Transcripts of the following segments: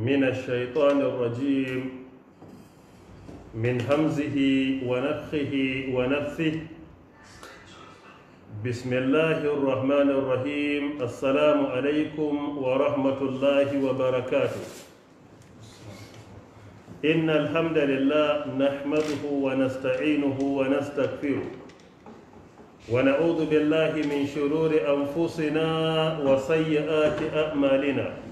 من الشيطان الرجيم من همزه ونفخه ونفثه بسم الله الرحمن الرحيم السلام عليكم ورحمة الله وبركاته إن الحمد لله نحمده ونستعينه ونستغفره ونعوذ بالله من شرور أنفسنا وسيئات أعمالنا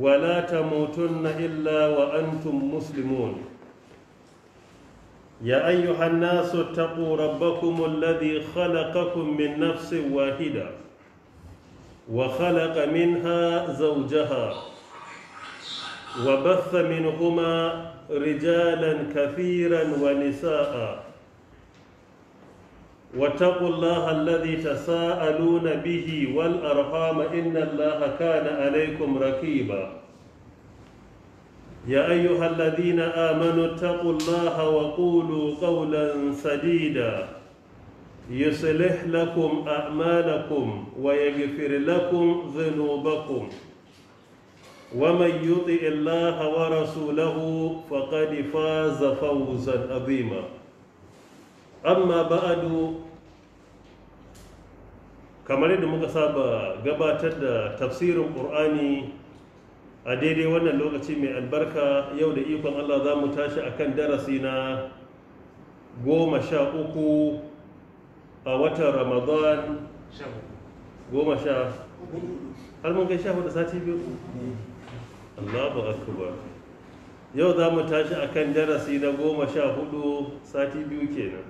ولا تموتن إلا وأنتم مسلمون يا أيها الناس اتقوا ربكم الذي خلقكم من نفس واحدة وخلق منها زوجها وبث منهما رجالا كثيرا ونساء واتقوا الله الذي تساءلون به والأرحام إن الله كان عليكم ركيبا يا أيها الذين آمنوا اتقوا الله وقولوا قولا سديدا يصلح لكم أعمالكم ويغفر لكم ذنوبكم ومن يطئ الله ورسوله فقد فاز فوزا عظيما amma ba'adu kamar yadda muka saba gabatar da tafsirin ƙur'ani a daidai wannan lokaci mai albarka yau da ikon allah za mu tashi a kan darasi na goma sha uku a watan ramadan goma sha har mun kai sha hudu sati biyu allahu akbar yau za mu tashi a kan darasi na goma sha hudu sati biyu kenan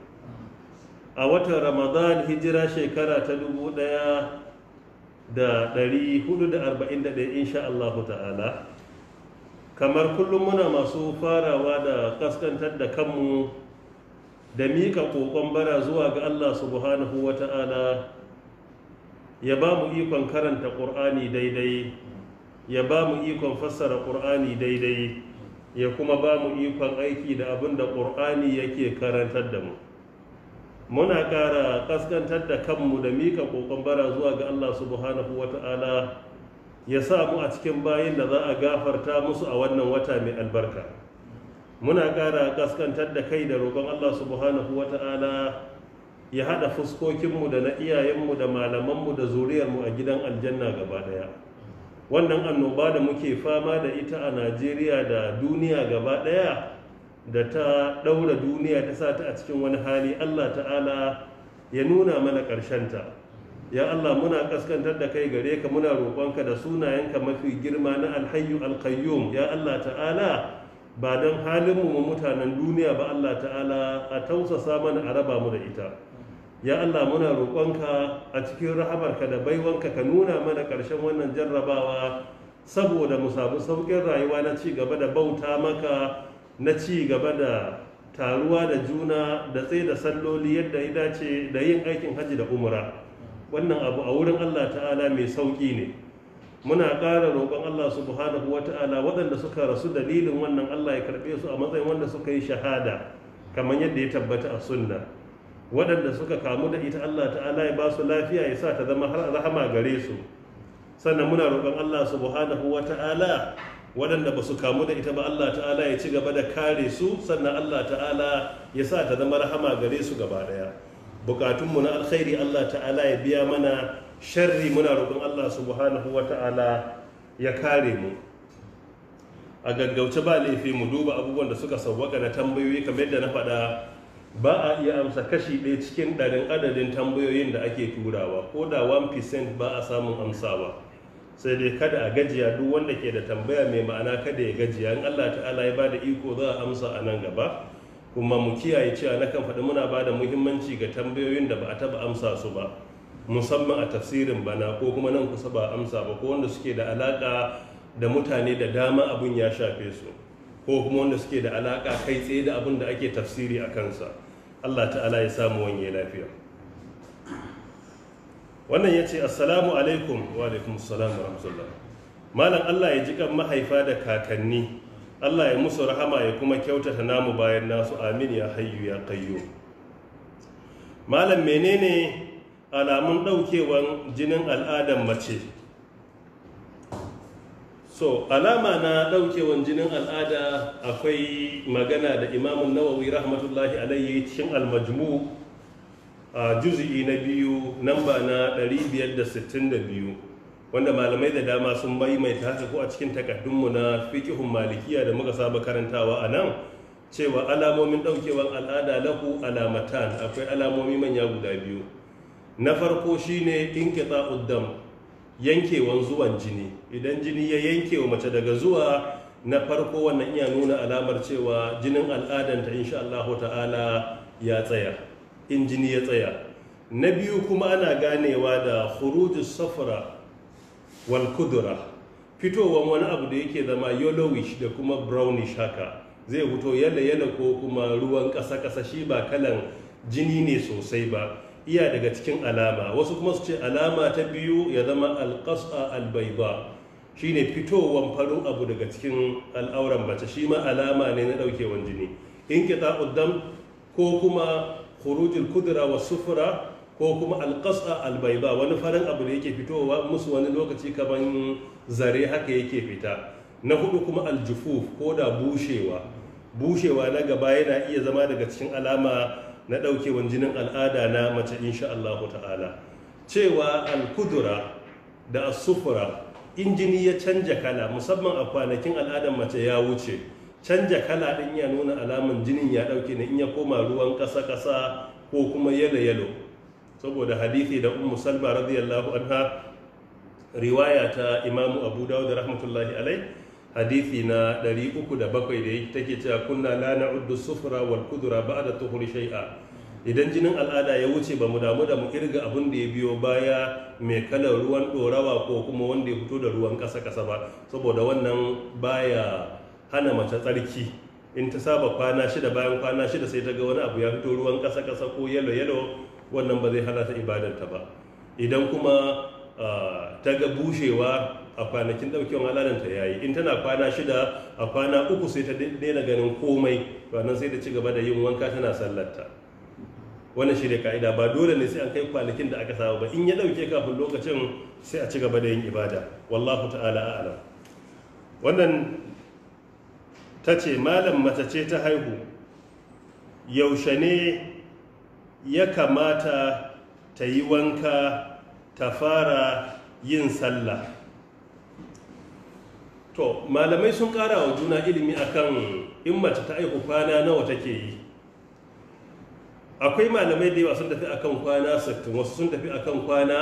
a watan ramadan hijira shekara ta dubu ɗaya da ɗari hudu da arba'in da ɗaya insha Allah ta'ala kamar kullum muna masu farawa da kaskantar da kanmu da mika ƙoƙon bara zuwa ga Allah subhanahu wa ta'ala ya ba mu ikon karanta ƙur'ani daidai ya ba mu ikon fassara ƙur'ani daidai ya kuma ba mu ikon aiki da abin da ƙur'ani yake karantar da mu muna ƙara ƙaskantar da kanmu da mika ƙoƙon bara zuwa ga Allah subhanahu wa ta'ala ya sa mu a cikin bayan da za a gafarta musu a wannan wata mai albarka muna ƙara ƙaskantar da kai da roƙon Allah subhanahu wa ta'ala ya haɗa fuskokinmu da na iyayenmu da malamanmu da zuriyarmu a gidan aljanna gaba ɗaya wannan annoba da muke fama da ita a najeriya da duniya gaba ɗaya da ta ɗaura duniya ta sa a cikin wani hali Allah ta'ala ya nuna mana ta. ya Allah muna kaskantar da kai gare ka muna roƙonka da sunayenka mafi girma na alhayyu alkayyum ya Allah ta'ala ba don halinmu mu mutanen duniya ba Allah ta'ala a tausasa mana a raba mu da ita ya Allah muna roƙonka a cikin rahabarka da baiwanka ka nuna mana ƙarshen wannan jarrabawa saboda mu samu sauƙin rayuwa na ci gaba da bauta maka na ci gaba da taruwa da juna da tsaye da salloli yadda ya dace da yin aikin hajji da umra wannan abu a wurin allah ta'ala mai sauƙi ne muna ƙara roƙon allah subhanahu wa ta'ala waɗanda suka rasu dalilin wannan allah ya karɓe su a matsayin wanda suka yi shahada kamar yadda ya tabbata a sunna waɗanda suka kamu da ita allah ta'ala ya ba su lafiya ya sa ta zama har rahama gare su sannan muna roƙon allah subhanahu wa ta'ala waɗanda ba su kamu da ita ba Allah ta'ala ya ci gaba da kare su sannan Allah ta'ala ya sa ta zama rahama gare su gaba ɗaya bukatunmu na alkhairi Allah ta'ala ya biya mana sharri muna roƙon Allah subhanahu wa ta'ala ya kare mu a gaggauce ba laifi mu duba abubuwan da suka sauwaka na tambayoyi kamar yadda na faɗa ba a iya amsa kashi ɗaya cikin ɗarin adadin tambayoyin da ake turawa ko da 1% ba a samun amsawa sai dai kada a gajiya duk wanda ke da tambaya mai ma'ana kada ya gajiya in Allah ta'ala ya bada iko za a amsa a nan gaba kuma mu kiyaye cewa na kan faɗi muna bada muhimmanci ga tambayoyin da ba a taba amsa su ba musamman a tafsirin bana ko kuma nan kusa ba amsa ba ko wanda suke da alaƙa da mutane da dama abun ya shafe su ko kuma wanda suke da alaƙa kai tsaye da abun da ake tafsiri a kansa Allah ta'ala ya samu wanye lafiya wannan ya ce assalamu alaikum wa alaikum assalam wa malam allah ya ji mahaifa da kakanni allah ya musu rahama ya kuma kyautata namu bayan nasu amin ya hayu ya malam menene alamun ɗaukewan jinin al'adar mace so alama na ɗaukewan jinin al'ada akwai magana da imamun nawawi rahmatullahi alayhi cikin almajmu a juzi'i na biyu namba na 562 wanda malamai da dama sun maimaita haka ko a cikin takaddunmu na fikihun malikiya da muka saba karantawa a nan cewa alamomin daukewar al'ada lahu alamatan akwai alamomi manya guda biyu na farko shine inqita uddam yankewan zuwan jini idan jini ya yanke wa mace daga zuwa na farko wannan iya nuna alamar cewa jinin al'adanta insha Allah ta'ala ya tsaya in jini ya tsaya na biyu kuma ana ganewa da khurujus safra wal kudura fitowar wani abu da yake zama yellowish da kuma brownish haka zai fito yalla yalla ko kuma ruwan ƙasa ƙasa shi ba kalan jini ne sosai ba iya daga cikin alama wasu kuma su ce alama ta biyu ya zama alƙasa albaiba shine fitowar farin abu daga cikin al'auran bace shi ma alama ne na ɗaukewan jini in kita uddam ko kuma khurujul kudura wa sufura ko kuma alƙasa albaiba wani farin abu da yake fitowa musu wani lokaci kaman zare haka yake fita na hudu kuma aljufuf ko da bushewa bushewa na gaba yana iya zama daga cikin alama na ɗaukewan jinin al'ada na mace insha Allah ta'ala cewa alkudra da asufura injini ya canja kala musamman a kwanakin al'adar mace ya wuce canja kala ɗin ya nuna alaman jinin ya ɗauke ne in ya koma ruwan ƙasa-ƙasa ko kuma yalo-yalo saboda hadisi da ummu salma radiyallahu anha riwaya ta imamu abu dawud rahmatullahi alai hadisi na 307 da yake cewa kunna la na'uddu sufra wal kudura ba'da tuhuri shai'a idan jinin al'ada ya wuce ba mu damu da mu kirga abin da ya biyo baya mai kalar ruwan dorawa ko kuma wanda ya fito da ruwan kasa kasa ba saboda wannan baya hana mace tsarki in ta saba kwana shida bayan kwana shida sai ta ga wani abu ya fito ruwan ƙasa ƙasa ko yalo yalo wannan ba zai hana ta ibadarta ba idan kuma ta ga bushewa a kwanakin ɗaukewan ta ya yi in tana kwana shida a kwana uku sai ta daina ganin komai nan sai ta ci gaba da yin wanka tana sallarta wannan shi ne ka'ida ba dole ne sai an kai kwanakin da aka saba ba in ya ɗauke kafin lokacin sai a ci gaba da yin ibada wallahu ta'ala a'lam wannan ta ce malam mace ce ta haihu yaushe ne ya kamata ta yi wanka ta fara yin sallah to malamai sun kara wa juna ilimi akan in mace ta aiku kwana nawa take yi akwai malamai da yawa sun tafi akan kwana 60 wasu sun tafi akan kwana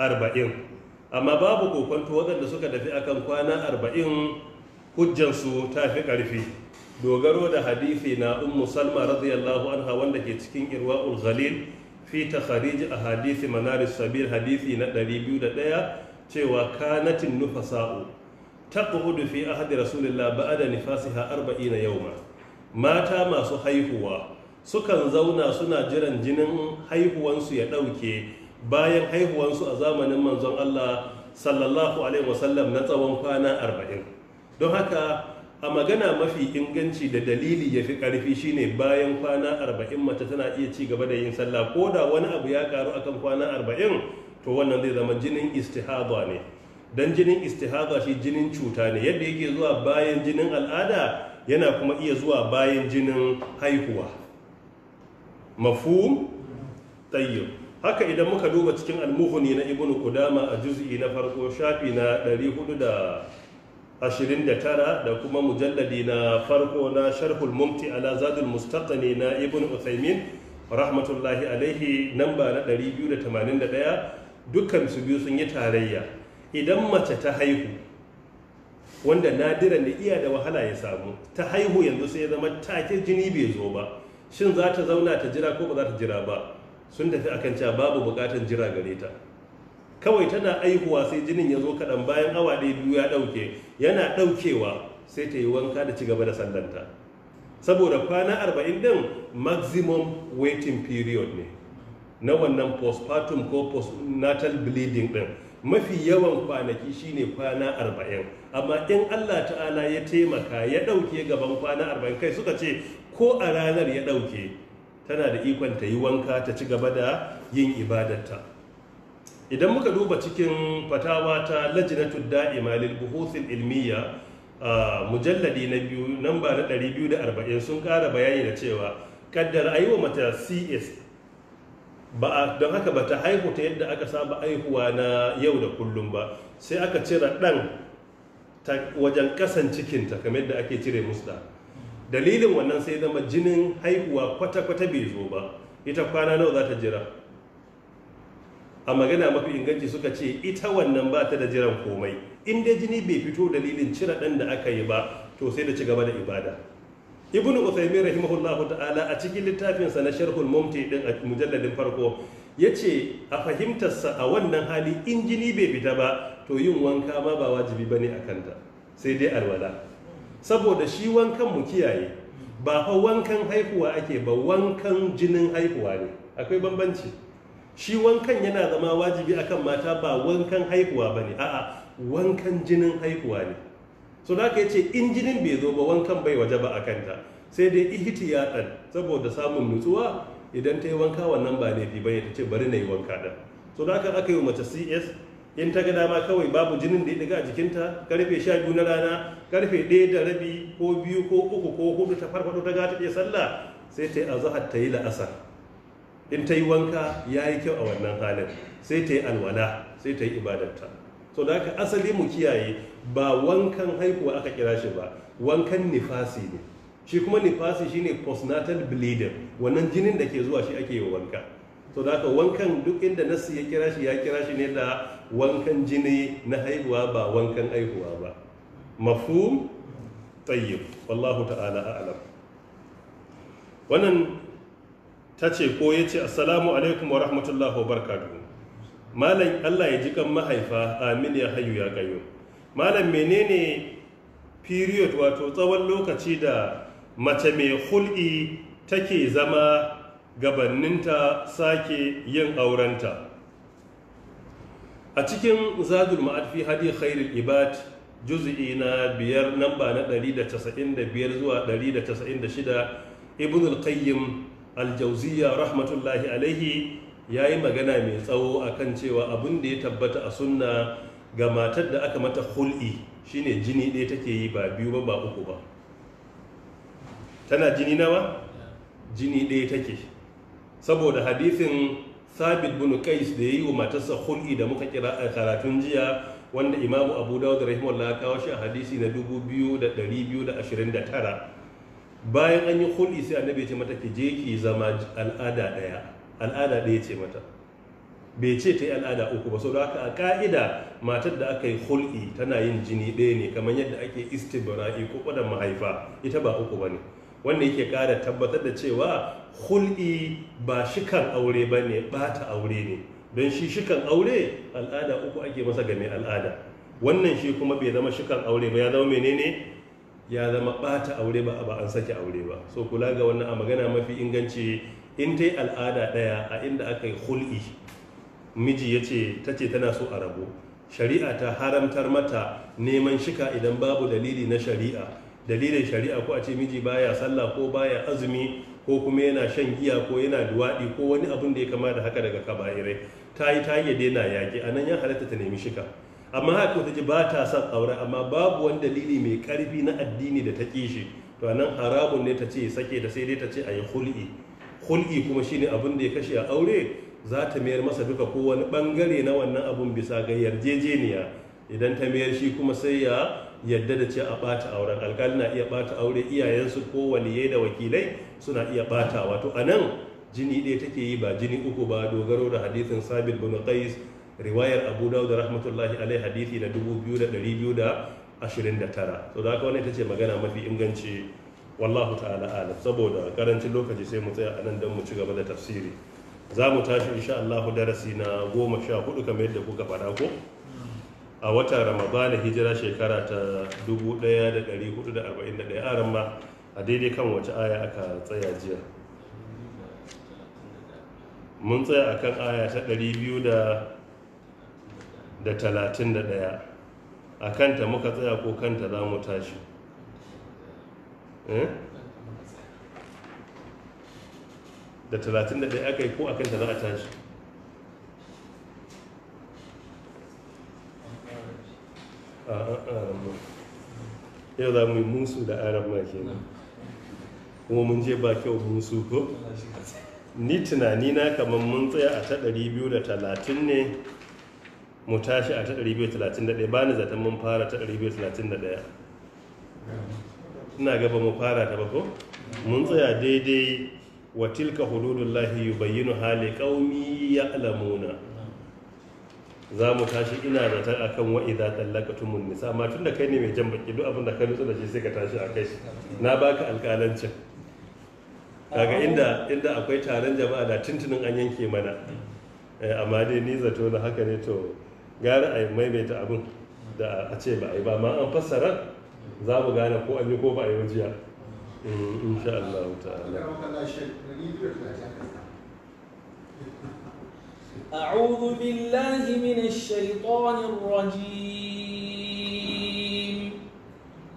40 amma babu kokonto waɗanda suka tafi akan kwana 40 hujjansu ta fi ƙarfi dogaro da hadithi na ummu salma radiyallahu anha wanda ke cikin irwa'ul ghalil fi takharij a hadithi manaris sabir hadithi na 201 cewa kanatin nufasa'u taqudu fi ahdi rasulillah ba'da nifasiha yau yawma mata masu haihuwa sukan zauna suna jiran jinin haihuwansu ya ɗauke bayan haihuwansu a zamanin manzon Allah sallallahu alaihi wasallam na tsawon kwana arba'in don haka a magana mafi inganci da dalili ya fi ƙarfi shine bayan kwana arba'in mace tana iya ci gaba da yin sallah ko da wani abu ya karu akan kwana arba'in to wannan zai zama jinin istihaba ne dan jinin istihaba shi jinin cuta ne yadda yake zuwa bayan jinin al'ada yana kuma iya zuwa bayan jinin haihuwa mafhum tayyib haka idan muka duba cikin almuhuni na ibnu kudama a juz'i na farko shafi na 400 29 da kuma mujalladi na farko na sharhul mumti ala zadul mustaqani na ibn uthaymin rahmatullahi alaihi namba na 281 dukkan su biyu sun yi tarayya idan mace ta haihu wanda nadiran ne iya da wahala ya samu ta haihu yanzu sai ya zama take jini bai zo ba shin za ta zauna ta jira ko ba za ta jira ba sun tafi akan cewa babu bukatun jira gare ta kawai tana aihuwa sai jinin ya zo kaɗan bayan awa ɗaya biyu ya ɗauke yana ɗaukewa sai ta yi wanka da ci gaba da sallanta saboda kwana arba'in ɗin maximum waiting period ne na wannan postpartum ko postnatal bleeding ɗin mafi yawan kwanaki shine kwana arba'in amma in allah ta'ala ya taimaka ya ɗauke gaban kwana arba'in kai suka ce ko a ranar ya ɗauke tana da ikon ta yi wanka ta ci gaba da yin ibadarta idan muka duba cikin fatawa ta lajinatu da'ima imalil buhuthil ilmiya mujalladi na biyu ba na 240 sun kara bayani da cewa kaddara aiwa mata CS ba don haka ba ta haihu ta yadda aka saba haihuwa na yau da kullum ba sai aka cira dan wajen kasan cikinta kamar yadda ake cire musta dalilin wannan sai zama jinin haihuwa kwata-kwata bai zo ba ita kwana nawa za ta jira a magana mafi inganci suka ce ita wannan ba ta da jiran komai in dai jini bai fito dalilin cire ɗan da aka yi ba to sai da ci gaba da ibada ibnu uthaymin rahimahullah ta'ala a cikin littafinsa na sharhul mumti din a mujalladin farko ya ce a fahimtarsa a wannan hali in jini bai fita ba to yin wanka ma ba wajibi bane a kanta sai dai alwala saboda shi wankan mu kiyaye ba fa wankan haihuwa ake ba wankan jinin haihuwa ne akwai bambanci shi wankan yana zama wajibi akan mata ba wankan haihuwa ba ne a'a wankan jinin haihuwa ne so da ya ce in jinin bai zo ba wankan bai waje ba a kanta sai dai Ihiti ya ihtiyatan saboda samun nutsuwa idan ta yi wanka wannan ba laifi ba ta ce bari na yi wanka da so da aka yi mace cs in ta ga dama kawai babu jinin da ya daga a jikinta karfe sha biyu na rana karfe ɗaya da rabi ko biyu ko uku ko hudu ta farfaɗo ta gata ta sallah sai ta yi zahar ta yi la'asar in ta yi wanka ya yi kyau a wannan halin sai ta yi alwala sai ta yi ibadarta so da aka asali mu kiyaye ba wankan haihuwa aka kira shi ba wankan nifasi ne shi kuma nifasi shine postnatal bleeding wannan jinin da ke zuwa shi ake yi wanka so da aka wankan duk inda nasu ya kira shi ya kira shi ne da wankan jini na haihuwa ba wankan haihuwa ba mafhum tayyib wallahu ta'ala a'lam wannan ta ce ko ya ce assalamu alaikum wa rahmatullahi wa barkatu. malam Allah ya ji kan mahaifa amin ya hayu ya kayo malam menene period wato tsawon lokaci da mace mai hul'i take zama gabaninta sake yin aurenta a cikin zadul ma'ad hadi khairul ibad juz'i na biyar namba na 195 zuwa 196 ibn al-qayyim aljauziya rahmatullahi alaihi ya yi magana mai tsawo a kan cewa abin da ya tabbata a sunna ga matar da aka mata hul'i shine jini ɗaya take yi ba biyu ba ba uku ba tana jini nawa jini ɗaya take saboda hadisin sabit bin kais da ya yi wa matarsa hul'i da muka kira a karatun jiya wanda imamu abu dawud rahimahullah ya kawo shi a hadisi na 2229 bayan an yi hulɗi sai annabi ya ce mata ki je ki zama al'ada ɗaya al'ada ɗaya ce mata bai ce ta yi al'ada uku ba sau da haka a ka'ida matar da aka yi hul'i tana yin jini ɗaya ne kamar yadda ake istibra'i ko ƙwadon mahaifa ita ba uku ba ne wanda yake ƙara tabbatar da cewa hul'i ba shikan aure ba ne ɓata aure ne don shi shikan aure al'ada uku ake masa game al'ada wannan shi kuma bai zama shikan aure ba ya zama menene ya zama ɓata aure ba ba an sake aure ba so kula ga wannan a magana mafi inganci in ta al'ada ɗaya a inda aka yi hul'i miji ya ce ta ce tana so a rabu shari'a ta haramtar mata neman shika idan babu dalili na shari'a dalilin shari'a ko a ce miji baya sallah ko baya azumi ko kuma yana shan giya ko yana duwaɗi ko wani abin da ya kama da haka daga kaba'irai ta yi ta yi daina yaƙi a nan ya halatta ta nemi shika amma haka ta ji ba ta son aure amma babu wani dalili mai karfi na addini da ta kishi to nan haramun ne ta ce sake da sai dai ta ce a yi hul'i hul'i kuma shine abin da ya kashe a aure za ta mayar masa duka ko wani bangare na wannan abun bisa ga yarjejeniya idan ta mayar shi kuma sai ya yadda da ce a ɓata auren alkali na iya ɓata aure iyayensu ko wani waliyai da wakilai suna iya ɓata wato a nan jini ɗaya take yi ba jini uku ba dogaro da hadithin sabit bin qais riwayar abu da rahmatullahi alai hadithi na 2229 so da haka wani ita ce magana mafi inganci wallahu ta'ala alam saboda karancin lokaci sai mu tsaya a nan don mu ci gaba da tafsiri za mu tashi insha Allah darasi na goma sha kamar yadda kuka faɗa ko a watan ramadana hijira shekara ta 1441 a ramma a daidai kan wace aya aka tsaya jiya mun tsaya akan aya ta 200 da da talatin da ɗaya a kanta muka tsaya ko kanta za mu tashi eh? da talatin da ɗaya aka yi ko a kanta za a tashi yau za mu yi musu da arab ma ne kuma mun je ba kyau musu ko ni tunani na kamar mun tsaya a ta 230 ne mu tashi a ta 231 ba ni zaton mun fara ta 231 ina gaba mu fara ta bako mun tsaya daidai wa tilka yi yubayyinu hali ya alamuna. za mu tashi ina zaton akan ta idza tallaqatumun nisa amma tun da kai ne mai jan baki duk abin da ka nutsu da shi sai ka tashi a kai na baka alƙalancin kaga inda inda akwai taron jama'a da tuntunin an yanke mana eh, amma dai ni zato na haka ne to gara a maimaita abin da a ce ba a yi ba ma an fassara za mu gane ko an yi ko ba a yi wajiya mm, insha Allah ta'ala أعوذ بالله من الشيطان الرجيم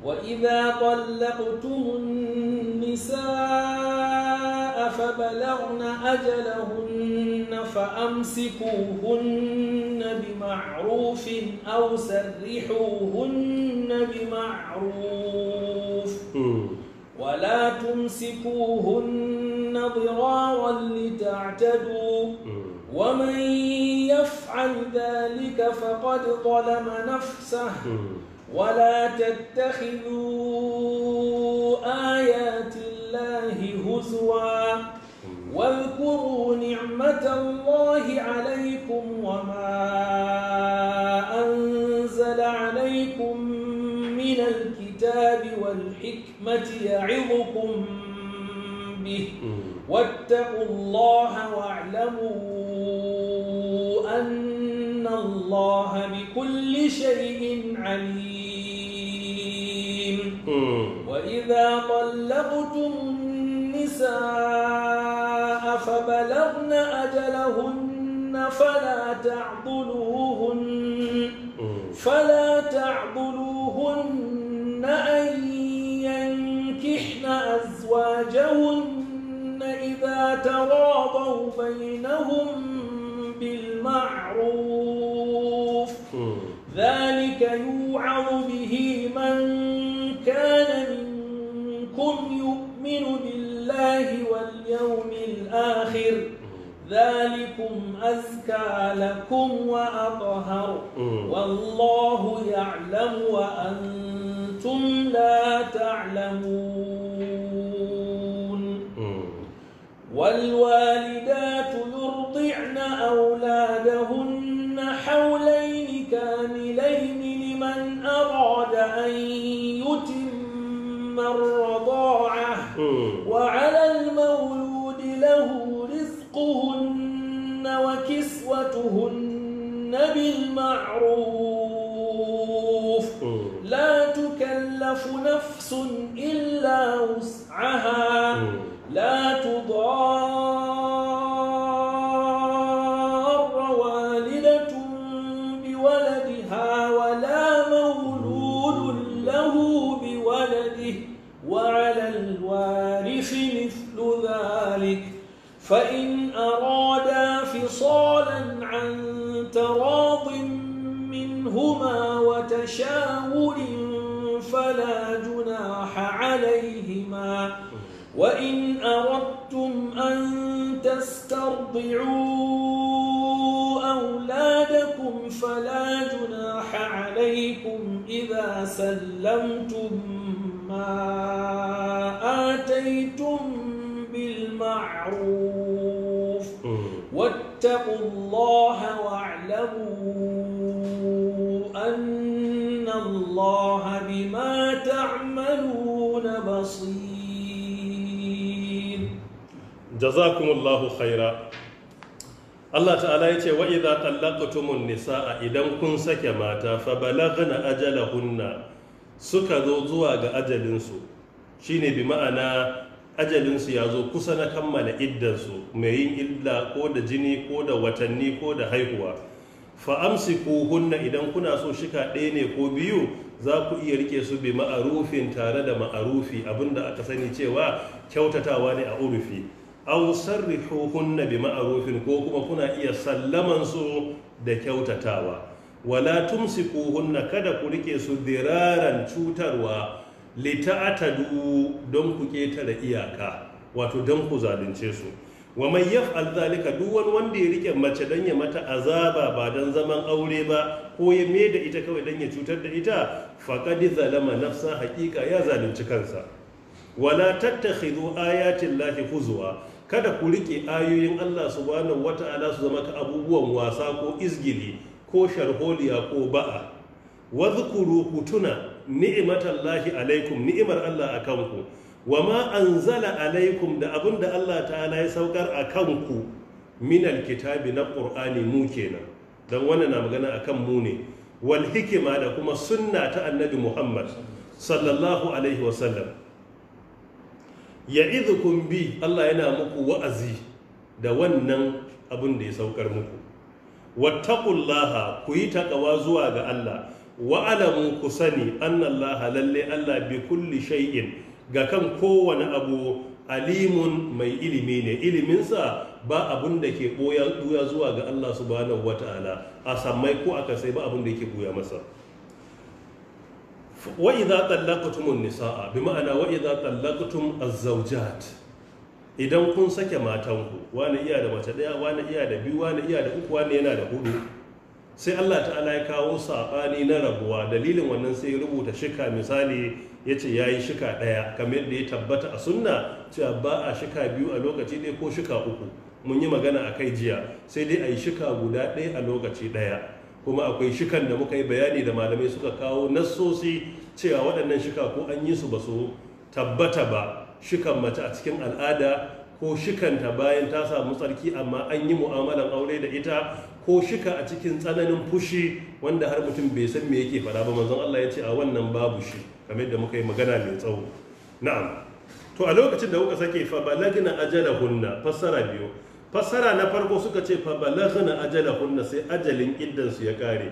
وإذا طلقتم النساء فبلغن أجلهن فأمسكوهن بمعروف أو سرحوهن بمعروف ولا تمسكوهن ضرارا لتعتدوا ومن يفعل ذلك فقد ظلم نفسه ولا تتخذوا آيات الله هزواً واذكروا نعمة الله عليكم وما أنزل عليكم من الكتاب والحكمة يعظكم به واتقوا الله واعلموا أن الله بكل شيء عليم وإذا طلقتم النساء فبلغن أجلهن فلا تعضلوهن فلا تعضلوهن أن ينكحن أزواجهن إذا تراضوا بينهم بالمعروف ذلك يوعظ به من كان منكم يؤمن بالله بالله واليوم الآخر ذلكم أزكى لكم وأطهر والله يعلم وأنتم لا تعلمون والوالدات يرضعن أولادهن حولين كاملين لمن أراد أن يتم الرضاعة وكلفوهن بالمعروف لا تكلف نفس ترضعوا أولادكم فلا جناح عليكم إذا سلمتم ما آتيتم بالمعروف واتقوا الله واعلموا أن الله بما تعملون بصير جزاكم الله خيرا Allah ta'ala ya ce wa idza tallaqtumun nisaa idan kun sake mata fa balaghna ajalahunna suka zo zuwa ga ajalinsu shine bi ma'ana ajalinsu ya zo kusa na kammala iddansu mai yin illa ko da jini ko da watanni ko da haihuwa fa hunna idan kuna so shika ɗaya ne ko biyu za ku iya rike su bi ma'arufin tare da ma'arufi abinda aka sani cewa kyautatawa ne a urufi aw sarrihuhunna bi ko kuma kuna iya sallaman su da kyautatawa wala tumsikuhunna kada ku rike su diraran cutarwa lita'atadu don ku ketare iyaka wato don ku zalunce su wa man yaf'al zalika duk wani wanda ya rike mace dan ya mata azaba ba dan zaman aure ba ko ya me da ita kawai dan ya cutar da ita faqad zalama nafsa haqiqa ya zalunci kansa wala tattakhidhu ayati llahi huzwa kada ku riƙe ayoyin Allah subhanahu wata'ala su zama ka abubuwan wasa ko izgili ko sharholiya ko ba'a wadhkuru ku tuna ni'matallahi alaikum ni'imar Allah akan ku ma anzala alaikum da abin da Allah ta'ala ya saukar akan ku min alkitabi na qur'ani mu kenan dan wannan na magana akan mu ne wal hikima da kuma sunna ta annabi Muhammad sallallahu alaihi wasallam kun bi Allah yana muku wa'azi da wannan abin da ya saukar muku wattaqullaha ku yi takawa zuwa ga Allah wa'alamu ku sani annallaha lalle Allah bi kulli shai'in. ga kan kowane abu alimun mai ilimi ne iliminsa ba abin da ke ɓoya zuwa ga Allah subhanahu wata'ala a sammai ko aka sai ba abin da yake ɓoya masa Wa'iza idza nisaa bi ma'ana wa idza tallaqtum az-zawjat idan kun sake matanku wani iya da mace daya wani iya da biyu wani iya da uku wani yana da hudu sai Allah ta'ala ya kawo sabani na rabuwa dalilin wannan sai ya rubuta shika misali yace yayi shika daya kamar yadda ya tabbata a sunna cewa ba a shika biyu a lokaci ɗaya ko shika uku mun yi magana a kai jiya sai dai a yi shika guda ɗaya a lokaci ɗaya kuma akwai shikan da muka yi bayani da malamai suka kawo nassosi cewa waɗannan shika ko an yi su ba su tabbata ba shikan mace a cikin al'ada ko shikanta bayan ta samu tsarki amma an yi mu'amalan aure da ita ko shika a cikin tsananin fushi wanda har mutum bai san me yake faɗa ba manzon Allah ya ce a wannan babu shi kamar da muka yi magana mai tsawo na'am to a lokacin da kuka sake fa balagina ajalahunna fassara biyu fassara na farko suka ce fa balaghna ajalahunna sai ajalin iddan su ya kare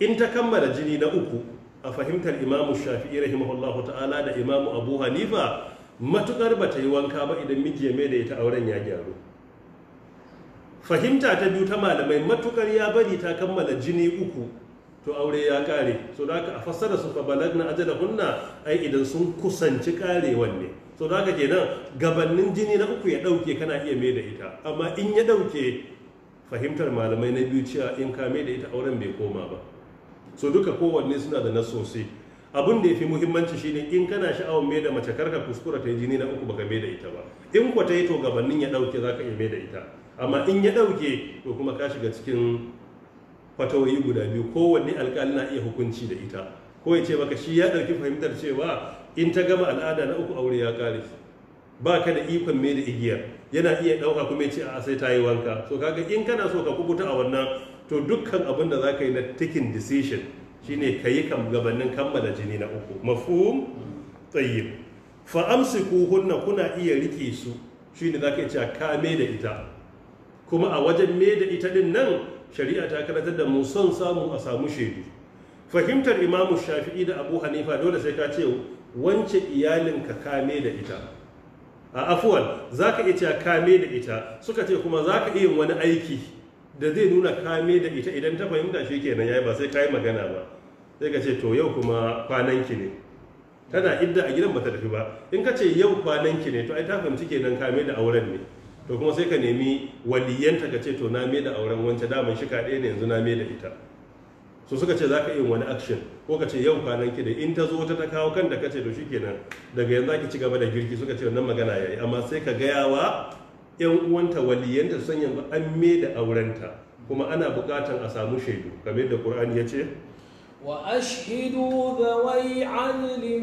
in ta kammala jini na uku a fahimtar imamu shafi'i rahimahullahu ta'ala da imamu abu hanifa matukar ta yi wanka ba idan miji ya mai da ita auren ya gyaru fahimta ta biyu ta malamai matukar ya bari ta kammala jini uku to aure ya kare so da a fassara su balagna hunna ai idan sun kusanci karewan ne so da kenan gabannin jini na uku ya dauke kana iya mai da ita amma in ya dauke fahimtar malamai na biyu cewa in ka mai da ita auren bai koma ba so duka kowanne suna da nasosi Abun da ya fi muhimmanci shine in kana sha'awar mai da mace karka kuskura ta yi jini na uku baka mai da ita ba in kwata ta yi to gabannin ya dauke zaka iya mai da ita amma in ya dauke to kuma ka shiga cikin fatawoyi guda biyu kowanne alƙali na iya hukunci da ita ko ya ce maka shi ya ɗauki fahimtar cewa in ta gama al'ada na uku aure ya ƙare ba ka da ikon mai da igiyar yana iya ɗauka kuma ya ce a sai ta yi wanka so kaga in kana so ka kubuta a wannan to dukkan abin da za ka yi na taking decision shine ka yi kam gabanin kammala jini na uku mafhum tsayyib fa hunna kuna iya rike su shine za ka yi ce ka mai da ita kuma a wajen mai da ita din nan shari'a ta karatar da mu son samu a samu shaidu fahimtar imamu shafi'i da abu hanifa dole sai ka ce wance ka kame da ita a afuwan za ka iya kame da ita suka ce kuma za ka iya wani aiki da zai nuna kame da ita idan ta fahimta shi kenan yi ba sai ka yi magana ba sai ka ce to yau kuma kwananki ne tana idda a gidan ba ta tafi ba in ka ce yau kwananki ne to ai ta fahimci kenan kame da auren ne to kuma sai ka nemi waliyanta ka ce to na mai da auren wancan daman shika ɗaya ne yanzu na mai da ita so suka ce za ka yi wani action ko ka ce yau kwanan ki da in ta zo ta kawo kan da ka ce to shi nan. daga yanzu za ki ci gaba da girki suka ce wannan magana yayi amma sai ka gaya wa yan uwanta waliyanta san yanzu an me da aurenta kuma ana buƙatan a samu shaidu kamar yadda Qur'ani ya ce وأشهدوا ذوي عدل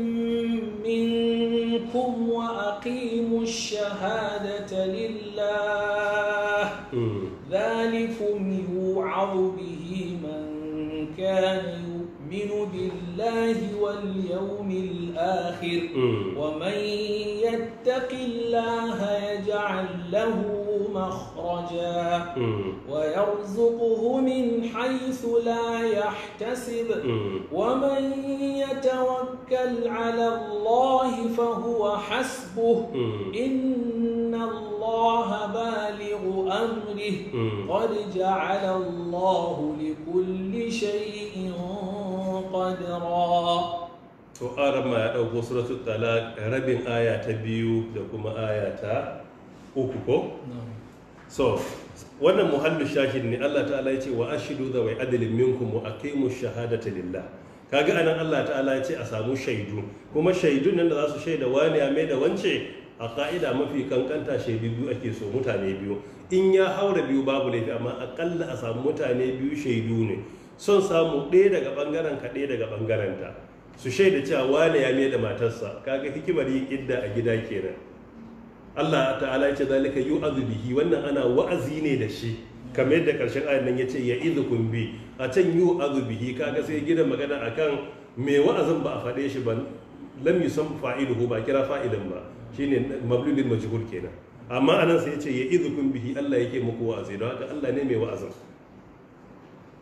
منكم وأقيموا الشهادة لله ذلكم يوعظ به من كان يؤمن بالله واليوم الآخر ومن يتق الله يجعل له مخرجا ويرزقه من حيث لا يحتسب ومن يتوكل على الله فهو حسبه إن الله بالغ أمره قد جعل الله لكل شيء قدرا to arama ya ɗauko suratul talaq rabin aya ta uku ko so wannan muhallin shahid ne Allah ta'ala ya ce wa ashidu da wai adalin minkum mu aqimu shahadata lillah kaga anan Allah ta'ala ya ce a samu shaidu kuma shaidu nan da za su shaida wani ya mai da wance a ka'ida mafi kankanta shaidu biyu ake so mutane biyu in ya haura biyu babu laifi amma akalla a samu mutane biyu shaidu ne son samu ɗaya daga bangaren ka ɗaya daga ɓangaren ta su shaida cewa wani ya mai da matarsa kaga hikimar yin kidda a gida kenan Allah ta'ala ya ce zalika yu'adhu bihi wannan ana wa'azi ne da shi kamar yadda karshen ayan nan yace ya idhukum bi a can yu'adhu bihi kaga sai gidan magana akan me wa'azin ba a faɗe shi ba lam yusam fa'iluhu ba kira fa'ilan ba shine mablulil majhul kenan amma anan sai yace ya idhukum bihi Allah yake muku wa'azi don haka Allah ne mai wa'azin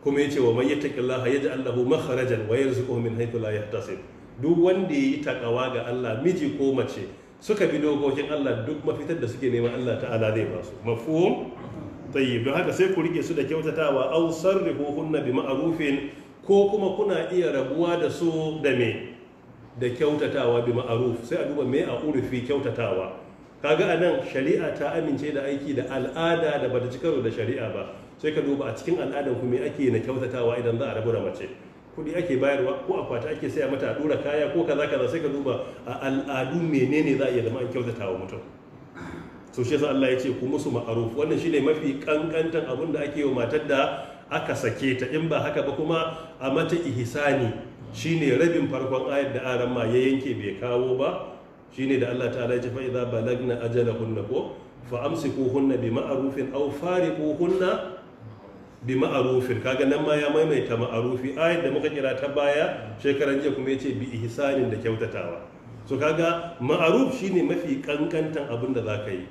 kuma yace wa man yattaqillaha yaj'al lahu makharajan wa yarzuquhu min haythu la yahtasib duk wanda yayi takawa ga Allah miji ko mace suka bi dokokin Allah duk mafitar da suke neman Allah ta'ala zai ba su mafhum tayyib don haka sai ku rike su da kyautatawa aw hunna bi ma'arufin? ko kuma kuna iya rabuwa da su da me da kyautatawa bi ma'ruf sai a duba mai a urufi kyautatawa kaga anan shari'a ta amince da aiki da al'ada da bata ci karo da shari'a ba sai ka duba a cikin al'adan ku me ake na kyautatawa idan za a rabu da mace kuɗi ake bayarwa ko akwati ake saya mata a dora kaya ko kaza kaza sai ka duba a al'adu menene za a iya zama an kyautata wa mutum so shi yasa Allah ya ce ku musu ma'aruf wannan shine mafi kankantan abun da ake yi matar da aka sake ta in ba haka ba kuma a mata ihsani shine rabin farkon ayar da aran ma ya yanke bai kawo ba shine da Allah ta'ala ya ce fa idza balagna ajalahunna ko fa amsikuhunna bi aw fariquhunna bi ma'arufin kaga nan ma ya maimaita ma'arufi ayat da muka kira ta baya shekarar jiya kuma ce bi ihsanin da kyautatawa so kaga ma'aruf shine mafi kankantan abin da zaka yi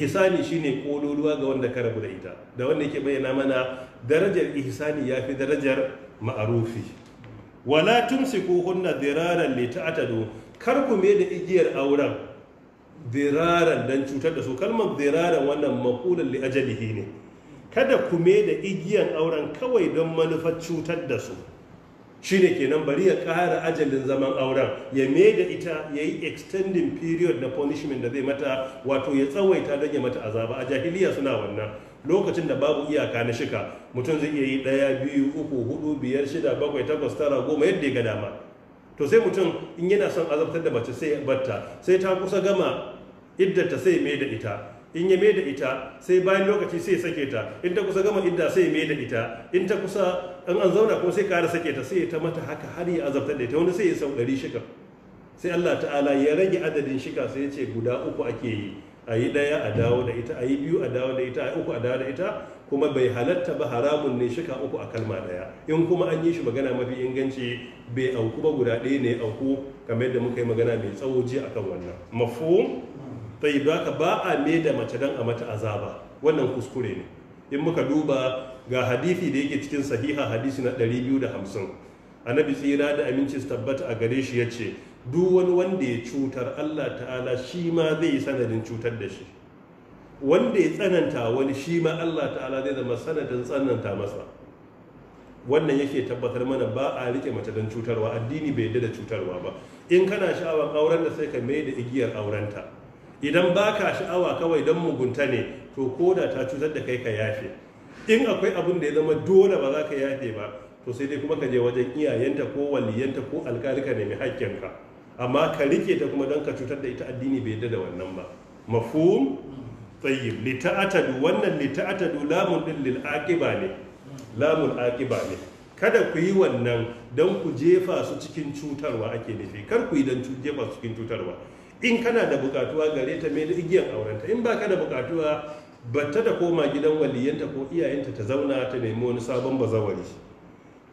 ihsani shine kololuwa ga wanda ka rabu da ita da wanda yake bayyana mana darajar ihsani yafi darajar ma'arufi wala hunna diraran li ta'tadu kar ku me da igiyar auren diraran dan cutar da su kalmar diraran wannan maqulan li ajalihi ne kada ku me da igiyan auren kawai don manufar cutar da su shi ne kenan bari ya ƙara ajalin zaman auren ya me da ita ya yi extending period na punishment da zai mata wato ya tsawaita don ya mata azaba a jahiliya suna wannan lokacin da babu iyaka na shika mutum zai iya yi ɗaya biyu uku hudu biyar shida bakwai takwas tara goma yadda ya ga dama to sai mutum in yana son azabtar da mace sai batta sai ta kusa gama iddata sai me da ita in ya mai da ita sai bayan lokaci sai sake ta in ta kusa gama idda sai mai da ita in ta kusa an an zauna ko sai ƙara sake ta sai ta mata haka har ya azabtar da ita wani sai ya sau ɗari shika sai Allah ta'ala ya rage adadin shika sai ya ce guda uku ake yi a yi ɗaya a dawo da ita a yi biyu a dawo da ita a yi uku a dawo da ita kuma bai halatta ba haramun ne shika uku a kalma ɗaya in kuma an yi shi magana mafi inganci bai auku ba guda ɗaya ne auku kamar yadda muka yi magana mai tsawo jiya akan wannan mafhum bai ba ba a maida mace dan a mata azaba wannan kuskure ne in muka duba ga hadisi da yake cikin sahiha hadisi na 250 annabi tsira da aminci su tabbata a gare shi ya ce duk wani wanda ya cutar allah ta'ala shi ma zai yi sanadin cutar da shi wanda ya tsananta wani shi ma allah ta'ala zai zama sanadin tsananta masa wannan yake tabbatar mana ba a rike mace don cutarwa addini bai yadda da cutarwa ba in kana sha'awar auren da sai ka mai da igiyar aurenta idan ba ka sha'awa kawai don mugunta ne to ko da ta cutar da kai ka yafe in akwai abin da ya zama dole ba za ka yafe ba to sai dai kuma ka je wajen iyayenta ko waliyanta ko alkali ne mai hakkinka amma ka rike ta kuma don ka cutar da ita addini bai yadda da wannan ba mafhum tayyib li wannan li lamun din lil aqiba ne lamun aqiba ne kada ku yi wannan don ku jefa su cikin cutarwa ake nufi kar ku yi don jefa su cikin cutarwa in kana da bukatuwa gare ta mai da igiyan aurenta in baka da bukatuwa batta ta koma gidan waliyanta ko iyayenta ta zauna ta nemi wani sabon bazawari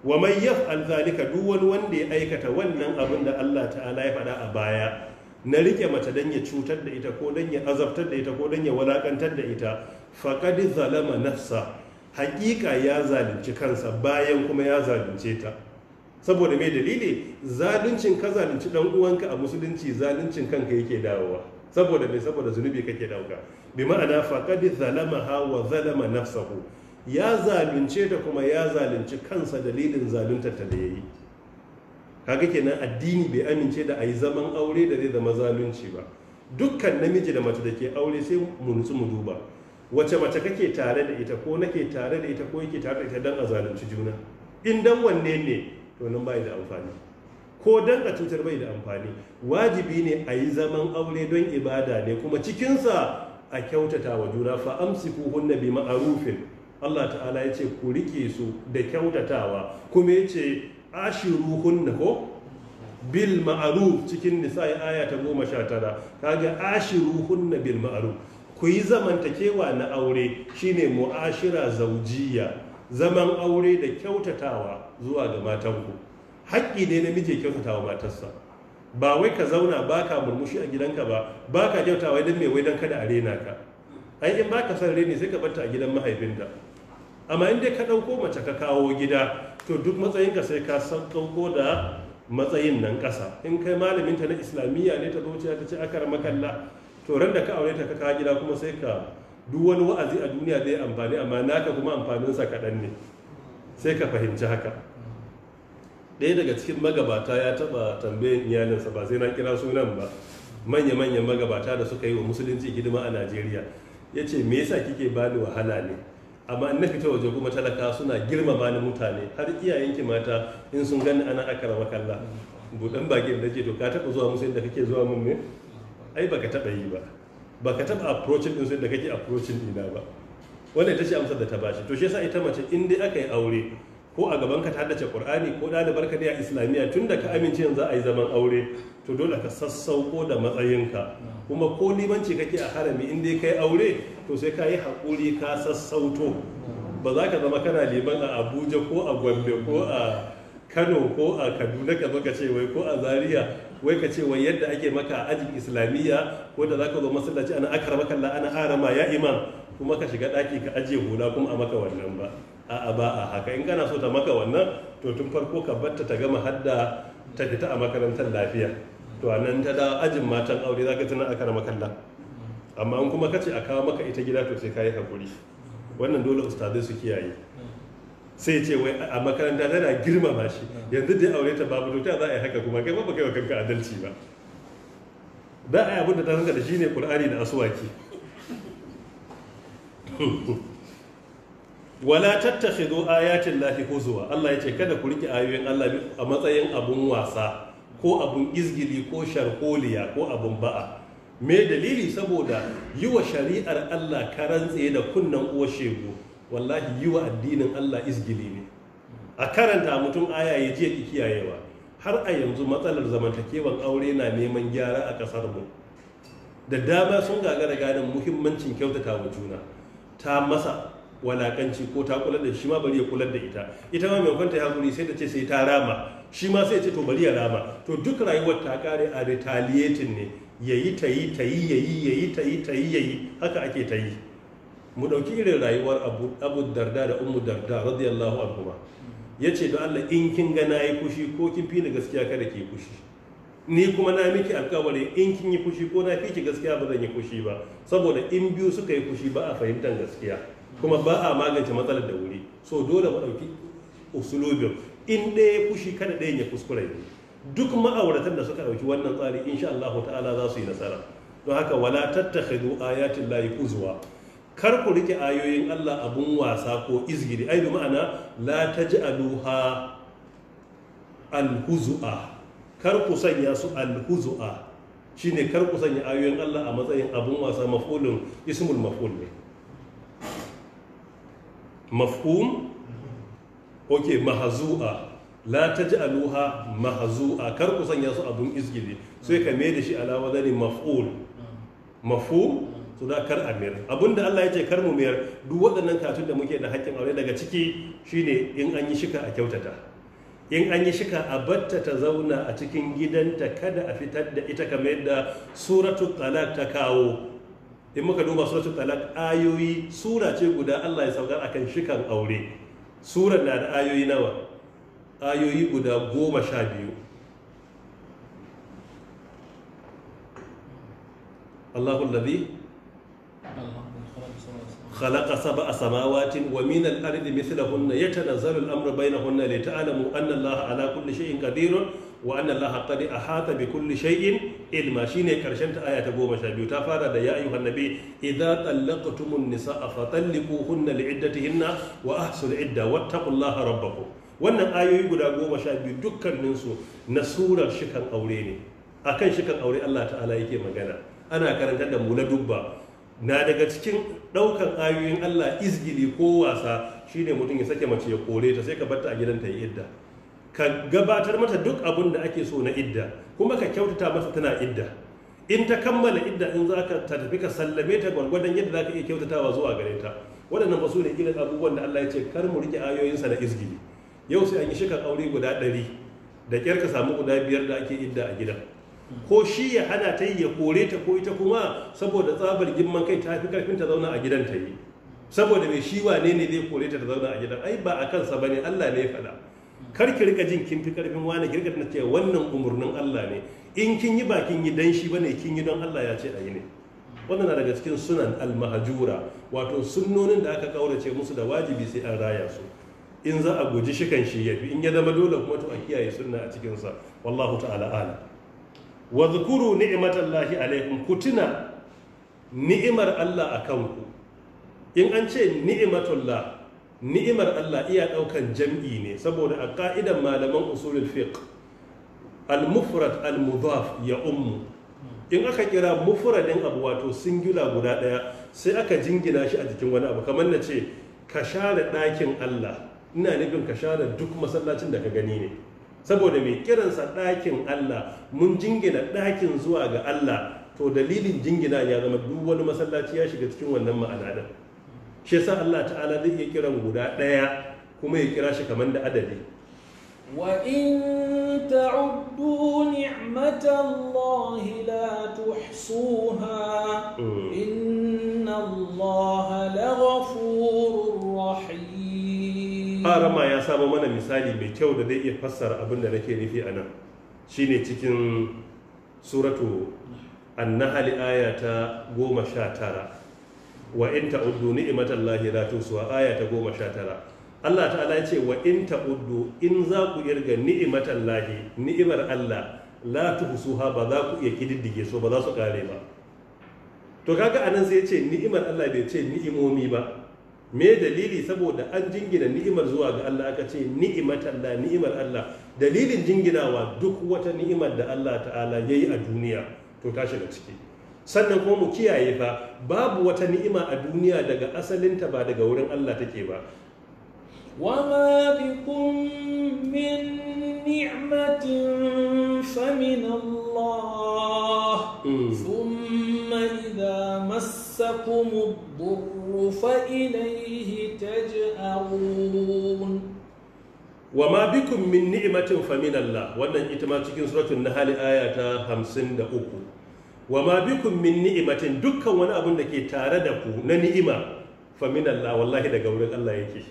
wa mai yaf zalika duk wani wanda ya aikata wannan abin da Allah ta'ala ya faɗa a baya na rike mata dan ya cutar da ita ko dan ya azabtar da ita ko dan ya walakantar da ita faqad zalama nafsa haƙiƙa ya zalunci kansa bayan kuma ya zalunce ta saboda mai dalili zaluncin ka zalunci dan uwanka a musulunci zaluncin kanka yake dawowa saboda mai saboda zunubi kake dauka bi ma'ana faqad zalama wa zalama nafsahu ya zalunce ta kuma ya zalunci kansa dalilin zaluntar ta da yayi kaga kenan addini bai amince da ayi zaman aure da zai zama zalunci ba dukkan namiji da mace da ke aure sai mu nutsu mu duba wace mace kake tare da ita ko nake tare da ita ko yake tare da ita dan a zalunci juna in dan wanne ne wannan bai da amfani ko dan a cutar bai da amfani wajibi ne a yi zaman aure don ibada ne kuma cikinsa a kyautata wa juna fa hunna bi ma'arufin Allah ta'ala ya ce ku rike su da kyautatawa kuma ya ce hunna ko bil ma'aruf cikin nisa'i aya ta goma sha tara kaga ashiruhunna bil ma'aruf ku yi zamantakewa na aure shine mu'ashira zaujiya zaman aure da kyautatawa zuwa ga matanku haƙƙi ne na ya kyautatawa matarsa ba wai ka zauna ba ka murmushi a gidanka ba ba baka kyautawa idan mai wai don kada a rena ka ai in ka son reni sai ka barta a gidan mahaifinta amma in dai ka ɗauko mace ka kawo gida to duk matsayinka sai ka san ɗauko da matsayin nan ƙasa in kai malaminta na islamiyya ne ta zo ta ce akar makalla to ran da ka aure ta ka kawo gida kuma sai ka duk wani wa'azi a duniya zai amfani amma naka kuma amfaninsa kaɗan ne sai ka fahimci haka ɗaya daga cikin magabata ya taɓa tambayin iyalinsa ba sai na kira sunan ba manya-manyan magabata da suka yi wa musulunci hidima a najeriya ya ce me yasa kike bani wahala ne amma in na fita waje kuma talaka suna girmama ni mutane har iyayenki mata in sun gani ana akara makalla. buɗan bakin da ke to ka taɓa zuwa musulun da kake zuwa mun ne ai baka taɓa yi ba ba ka taɓa approaching ɗinsu da kake approaching ɗina ba wannan ita ce amsar da ta bashi to shi yasa ita mace in dai aka yi aure ko a gaban ka ta dace qur'ani ko ɗalibar ka da islamiyya tun da ka amince yanzu a yi zaman aure to dole ka sassauko da matsayinka kuma ko limanci kake a harami in dai kai aure to sai ka yi haƙuri ka sassauto ba za ka zama kana liman a abuja ko a gombe ko a kano ko a kaduna ka zo ka ce wai ko a zaria wai ka ce wai yadda ake maka ajin islamiyya ko da zaka zo masallaci ana akara maka la ana arama ya imam kuma ka shiga daki ka ajiye hula kuma a maka wannan ba a'a ba haka in kana so ta maka wannan to tun farko ka batta ta gama hadda ta fita a makarantar lafiya to a nan ta da ajin matan aure zaka tana akara maka la amma in kuma kace a kawo maka ita gida to sai kai hakuri wannan dole ustazai su kiyaye sai ce wai a makaranta tana girmama shi ah. yanzu da ya aure ta babu ta za a yi haka kuma kai ba kai wa kanka adalci ba da a yi abin da ta sanka da shi ne Al-ƙur'ani da asuwaki wala tattakhidhu ayatin lahi huzwa Allah ya ce kada ku rike ayoyin Allah a matsayin abun wasa ko abun izgili ko sharholiya ko abun ba'a me dalili saboda yi wa shari'ar Allah karantse da kunnan uwa shegu wallahi yi wa addinin Allah izgili ne a karanta mutum aya ya je kiyayewa har a yanzu matsalar zamantakewan aure na neman gyara a kasar mu da dama sun gagara ganin muhimmancin kyautata wa juna ta masa walakanci ko ta kula da shi ma bari ya kula da ita ita ma maimakon ta hakuri sai ta ce sai ta rama shi ma sai ya ce to bari ya rama to duk rayuwar ta kare a retaliating ne yayi ta yi ta yi yayi yayi ta yi ta yi haka ake ta yi mu ɗauki irin rayuwar abu darda da umu darda radiyallahu anhu ba ya ce da allah in kin ga na yi kushi ko kin fi ni gaskiya kada ki kushi ni kuma na miki alkawari in kin yi kushi ko na fi ki gaskiya ba zan yi kushi ba saboda in biyu suka yi kushi ba a fahimtar gaskiya kuma ba a magance matsalar da wuri so dole mu ɗauki usulubin in ɗaya kushi kada ɗaya ya kuskure ne duk ma'auratan da suka ɗauki wannan tsari insha allahu ta'ala za su yi nasara don haka wala tattakhidu ayatin lahi uzwa kar ku rike ayoyin Allah abun wasa ko izgiri ai ma'ana la taj'aluha alhuzu'a kar ku sanya su alhuzu'a shine kar ku sanya ayoyin Allah a matsayin abun wasa maf'ulun ismul maf'ul ne mafhum okay mahzu'a la taj'aluha mahzu'a kar ku sanya su abun izgiri sai ka mai da shi alawa zani maf'ul mafhum suna da kar a mayar abinda Allah ya ce kar mu mayar duk waɗannan katun da muke da haƙƙin aure daga ciki shine in an yi shika a kyautata in an yi shika a batta ta zauna a cikin gidanta kada a fitar da ita kamar yadda suratul talaq ta kawo in muka duba suratul talaq ayoyi sura ce guda Allah ya saukar akan shikan aure sura na da ayoyi nawa ayoyi guda goma sha biyu Allahu خلق سبع سماوات ومن الأرض مثلهن يتنزل الأمر بينهن لتعلموا أن الله على كل شيء قدير وأن الله قد أحاط بكل شيء علما شيني كرشنت آية تقوم شابيو تفارد يا أيها النبي إذا طلقتم النساء فطلقوهن لعدتهن وأحسوا العدة واتقوا الله ربكم wannan ayoyi guda goma sha biyu dukkaninsu na surar shikan aure ne akan shikan aure Allah ta'ala yake magana ana karantar da mu na dubba na daga cikin ɗaukan ayoyin Allah izgili ko wasa shi ne mutum ya sake mace ya kore ta sai ka batta a ta yi idda ka gabatar mata duk abin da ake so na idda kuma ka kyautata masa tana idda in ta kammala idda in za ka ta tafi ka sallame ta gwargwadon yadda za ka iya kyautatawa zuwa gare ta waɗannan ba su ne irin abubuwan da Allah ya ce kar mu rike ayoyinsa na izgili yau sai an yi shekar aure guda ɗari da kyar ka samu guda biyar da ake idda a gidan ko shi ya hana ta yi ya kore ta ko ita kuma saboda tsabar girman kai ta fi karfin ta zauna a gidan ta yi saboda mai shi wane ne zai kore ta ta zauna a gidan ai ba a kansa bane Allah ne ya faɗa kar ki rika jin kin fi karfin wani girka na ce wannan umurnin Allah ne in kin yi ba kin yi dan shi bane kin yi don Allah ya ce ayi ne wannan na daga cikin sunan al almahajura wato sunnonin da aka kaurace musu da wajibi sai an raya su in za a guji shikan shi yafi in ya zama dole kuma to a kiyaye sunna a cikin sa wallahu ta'ala a'lam wa zukuru ni'matallahi alaikum ku tuna ni'imar Allah a kanku in an ce ni'imatullah ni'imar Allah iya ɗaukan jam'i ne saboda a ka'idan malaman usulul fiqh al-mufrad al-mudhaf ya umu. in aka kira mufradin abu wato singular guda ɗaya sai aka jingina shi a jikin wani abu kamar na ce ka share ɗakin Allah ina nufin ka share duk masallacin da ka gani ne saboda mai kiransa ɗakin Allah mun jingina ɗakin zuwa ga Allah to dalilin jingina ya zama duk wani masallaci ya shiga cikin wannan ma'ana din shi yasa Allah ta'ala zai iya kiran guda ɗaya kuma ya kira shi kamar da adadi wa in ta'uddu ni'matallahi la tuhsuha hmm. inna Allah laghafurur rahim harama ya samo mana misali mai kyau da zai iya fassara abin da nake nufi a nan shine cikin suratu annahali aya ta goma sha tara wa in ta'uddu ni'imatallahi la tusuha aya ta goma sha tara Allah ta'ala ya ce wa in ta'uddu in za ku irga ni'imar Allah la tuhsuha ba za ku iya kididdige so ba za su kare ba to kaga anan sai ya ce ni'imar Allah bai ce ni'imomi ba me dalili saboda an jingina ni'imar zuwa ga Allah aka ce ni'imat Allah ni'imar Allah dalilin jinginawa duk wata ni'imar da Allah ta'ala ya yi a duniya to ta shiga ciki sannan kuma mu kiyaye fa babu wata ni'ima a duniya daga asalinta ba daga wurin Allah take ba bikum min ni'matin fa min Allah hmm. thumma إذا massakum الضر فإليه تجأرون وما بكم من نعمة فمن الله wannan ita ma cikin suratul nahl aya ta 53 wama bikum min ni'matin dukkan wani abun da ke tare da ku na ni'ima famin Allah wallahi daga wurin Allah yake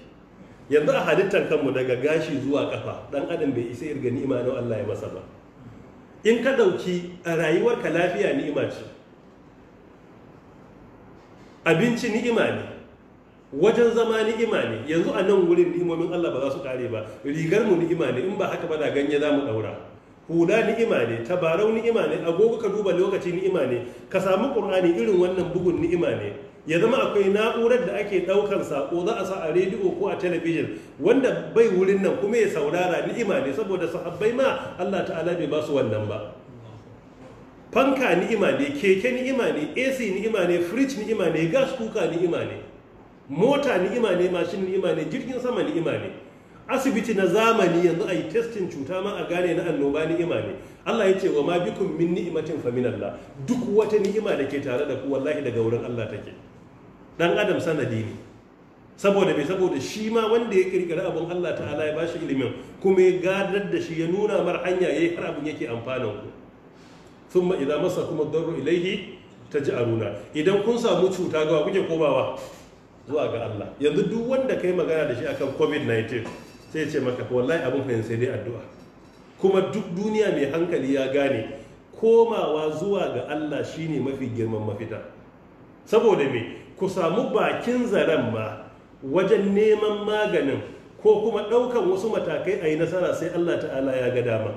yanzu a halittar kanmu daga gashi zuwa kafa dan adam bai isa irga ni'ima na Allah ya masa ba in ka ɗauki a rayuwarka lafiya ni'ima ce abinci ni'ima ne wajen zama ni'ima ne yanzu a nan wurin ni'imomin Allah ba za su kare ba rigar mu ni'ima ne in ba haka ba da ganye za mu daura hula ni'ima ne tabarau ni'ima ne agogo ka duba lokaci ni'ima ne ka samu ƙur'ani irin wannan bugun ni'ima ne ya zama akwai na'urar da ake ɗaukar sako za a sa a rediyo ko a talabijin wanda bai wurin nan kuma ya saurara ni'ima ne saboda sahabbai ma Allah ta'ala bai ba su wannan ba fanka ni'ima ne keke ni'ima ne ac ni'ima ne fridge ni'ima ne gas kuka ni'ima ne mota ni'ima ne mashin ni'ima ne jirgin sama ni'ima ne asibiti na zamani yanzu ayi yi testin cuta ma a gane na annoba ni'ima ne Allah ya ce wa ma bikum min ni'imatin fa min Allah duk wata ni'ima da ke tare da ku wallahi daga wurin Allah take dan adam sanadi ne saboda bai saboda shi ma wanda ya kirkiri abun Allah ta'ala ya bashi ilimin kuma ya gadar da shi ya nuna mar hanya yayi har abun yake amfanin ku thumma idza masakum ad-darru ilayhi taj'aluna idan kun samu cuta ga kuke komawa zuwa ga Allah yanzu duk wanda kai magana da shi akan covid-19 sai ce maka wallahi abin fahimta sai dai addu'a kuma duk duniya mai hankali ya gane komawa zuwa ga Allah shine mafi girman mafita saboda me ku samu bakin zaren ma wajen neman maganin ko kuma ɗaukan wasu matakai a yi nasara sai Allah ta'ala ya ga dama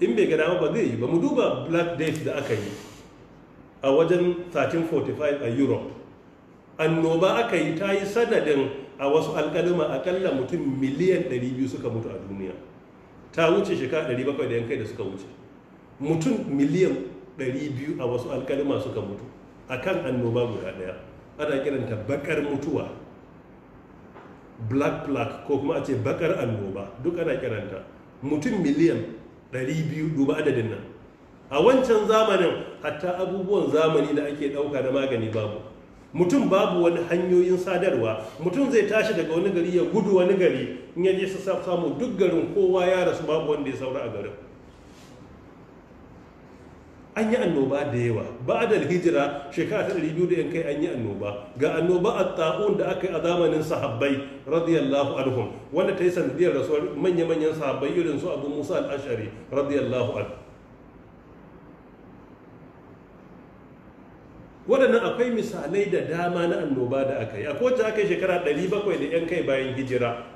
in bai gada ba zai yi ba mu duba black death da aka yi a wajen 1345 a europe annoba aka yi ta yi sanadin a wasu alkalima akalla mutum miliyan 200 suka mutu a duniya ta wuce shekara 700 da yankai da suka wuce mutum miliyan 200 a wasu alkalima suka mutu a kan annoba guda daya ana kiranta bakar mutuwa black plaque ko kuma a ce bakar annoba duk ana kiranta mutum miliyan ɗari biyu duba adadin nan a wancan zamanin hatta abubuwan zamani da ake ɗauka na magani babu mutum babu wani hanyoyin sadarwa mutum zai tashi daga wani gari ya gudu wani gari in ya je su samu duk garin kowa ya rasu babu wanda ya saura a garin an yi annoba da yawa ba da hijira shekara ta ɗari biyu da an yi annoba ga annoba a ta'un da aka yi a zamanin sahabbai radiyallahu anhum wanda ta yi sanadiyar rasuwar manya-manyan sahabbai irin su abu musa al'ashari radiyallahu anhu waɗannan akwai misalai da dama na annoba da aka yi a kowace aka yi shekara 700 da yankai bayan hijira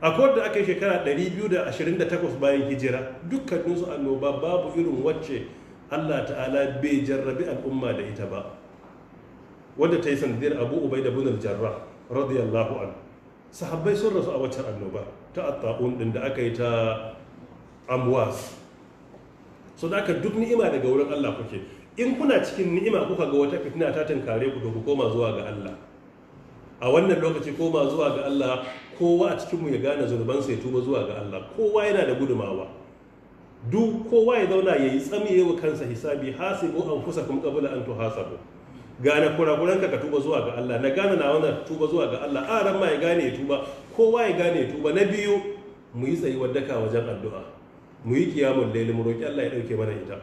a akwai da aka yi shekara 228 bayan hijira dukkaninsu annoba babu irin wacce allah ta'ala bai jarrabi al'umma da ita ba wadda ta yi sanadiyar abu ubai da bunar jarra radiyallahu an sahabbai sun rasu a waccan annoba ta atta'un din da aka yi ta amwas so da aka duk ni'ima daga wurin allah kuke in kuna cikin ni'ima kuka ga wata fitina ta tunkare ku to ku koma zuwa ga allah a wannan lokaci koma zuwa ga Allah kowa a cikinmu ya gane zunubansa ya tuba zuwa ga Allah kowa yana da gudumawa duk kowa ya zauna ya yi tsamiye wa kansa hisabi ko an kusa kuma kabula an tuhasabu gane kurakuranka ka tuba zuwa ga Allah na gane na wannan tuba zuwa ga Allah a ran ma ya gane ya tuba kowa ya gane ya tuba na biyu mu yi tsayi wadaka wajen addu'a mu yi kiyamun laili mu roki Allah ya dauke mana ita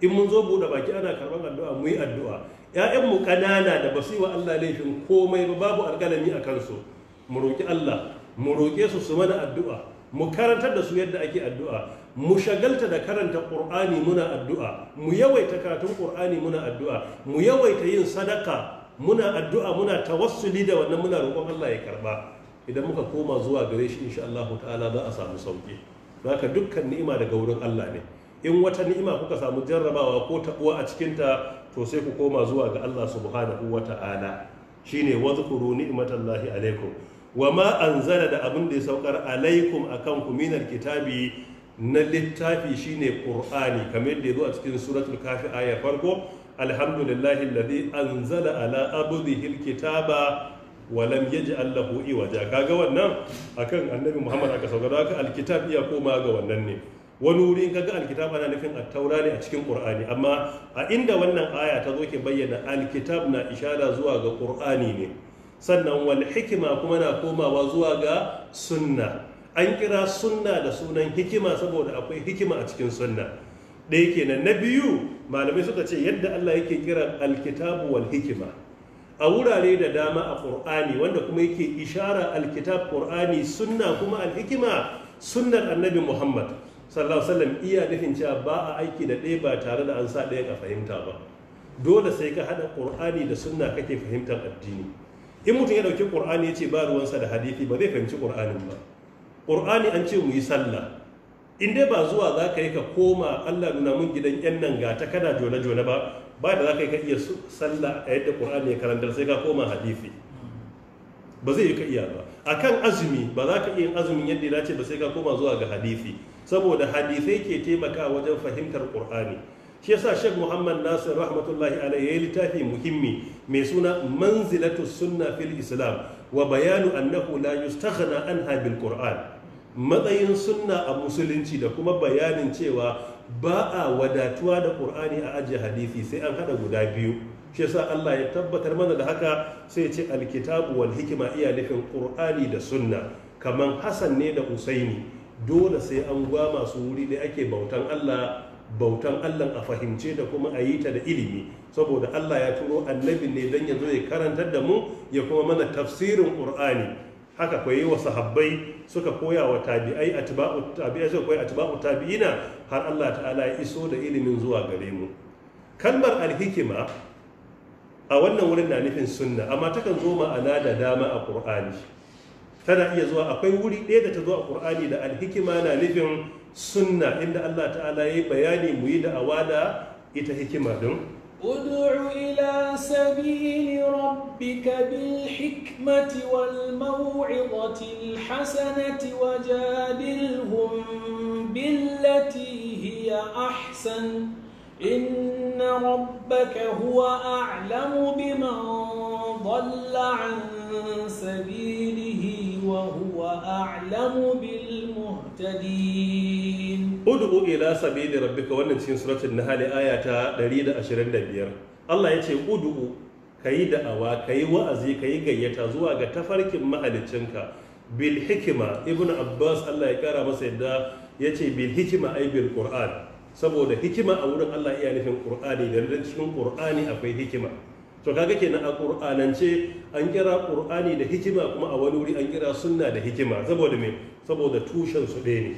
in mun zo buɗe baki ana karɓar addu'a mu yi addu'a ‘ya'yanmu ƙanana da ba su yi wa Allah laifin komai ba babu alƙalami a kansu mu roƙi Allah mu roƙe su su mana addu'a mu karantar da su yadda ake addu'a mu shagalta da karanta ƙur'ani muna addu'a mu yawaita karatun ƙur'ani muna addu'a mu yawaita yin sadaka muna addu'a muna ta tawassuli da wannan muna roƙon Allah ya karɓa idan muka koma zuwa gare shi insha Allah ta'ala za a samu sauƙi haka dukkan ni'ima daga wurin Allah ne in wata ni'ima kuka samu jarrabawa ko taɓuwa a cikinta to sai ku koma zuwa ga Allah subhanahu wa ta'ala shine wadhkuru ni'matallahi alaikum wa ma anzala da abin da ya saukar alaikum akan kan kuminar kitabi na littafi shine qur'ani kamar yadda zo a cikin suratul kafi ayar farko alhamdulillahi alladhi anzala ala abdihi alkitaba wa lam yaj'al lahu iwaja kaga wannan akan annabi muhammad aka saukar haka alkitab iya koma ga wannan ne wani wuri in kaga alkitab ana nufin attaura ne a cikin qur'ani amma a inda wannan aya ta zo ke bayyana alkitab na ishara zuwa ga qur'ani ne sannan wal hikima kuma na komawa zuwa ga sunna an kira sunna da sunan hikima saboda akwai hikima a cikin sunna ɗaya kenan na biyu malamai suka ce yadda Allah yake kira alkitabu wal hikima a wurare da dama a ƙur'ani wanda kuma yake ishara alkitab Qur'ani sunna kuma alhikima sunnar annabi muhammad sallallahu sallam iya nufin cewa ba a aiki da ɗaya ba tare da an sa ɗaya ka fahimta ba dole sai ka haɗa ƙur'ani da sunna kake fahimtar addini in mutum ya ɗauki ƙur'ani ya ce ba ruwansa da hadithi ba zai fahimci ƙur'anin ba ƙur'ani an ce mu yi sallah in dai ba zuwa za ka yi ka koma allah nuna mun gidan yan nan gata kana jona jona ba ba da za ka yi ka iya sallah a yadda ƙur'ani ya karantar sai ka koma hadithi ba zai yi ka iya ba akan azumi ba za ka iya azumin yadda ya dace ba sai ka koma zuwa ga hadithi saboda hadisai ke taimaka wajen fahimtar ƙur'ani shi yasa shek Muhammad Nasir rahmatullahi alaihi yayi littafi muhimmi mai suna manzilatu sunna fil islam wa bayanu annahu la yustaghna anha bil qur'an matsayin sunna a musulunci da kuma bayanin cewa ba a wadatuwa da qur'ani a ajiye hadisi sai an hada guda biyu shi yasa Allah ya tabbatar mana da haka sai ce alkitabu wal hikima iya nufin qur'ani da sunna kaman Hassan ne da Usaini dole sai an gwama masu wuri da ake bautan Allah bautan Allah a fahimce da kuma a yi ta da ilimi saboda Allah ya turo annabi ne don ya zo ya karanta da mu ya kuma mana tafsirin Qur'ani haka yi wa sahabbai suka koya wa tabi'ai atba'u tabi'ai suka atba'u tabi'ina har Allah ta'ala ya iso da ilimin zuwa gare mu kalmar alhikima a wannan wurin na nufin sunna amma takan zo ma'ana da dama a Qur'ani tana iya zuwa akwai wuri ɗaya da ta zo a kur'ani da alhikima na nufin sunna inda Allah ta'ala ya yi bayani mu yi da awada da ita hikima don ud'u ila sabili rabbika bil hikmati wal maw'izati al hasanati wajadilhum billati hiya ahsan inna rabbaka huwa a'lamu biman dhalla an sabilihi وهو أعلم بالمهتدين ادعو إلى سبيل ربك wannan cikin ɗari da ashirin da biyar. Allah yace ud'u kayi da'awa kayi wa'azi kayi gayyata zuwa ga tafarkin mahaliccinka bil hikima ibnu abbas Allah ya kara masa yadda yace bil hikima ay bil saboda hikima a wurin Allah iya nufin Kur'ani, da cikin qur'ani akwai hikima to kaga kenan a qur'anance an kira qur'ani da hikima kuma a wani wuri an kira sunna da hikima saboda me saboda tushen su ɗaya ne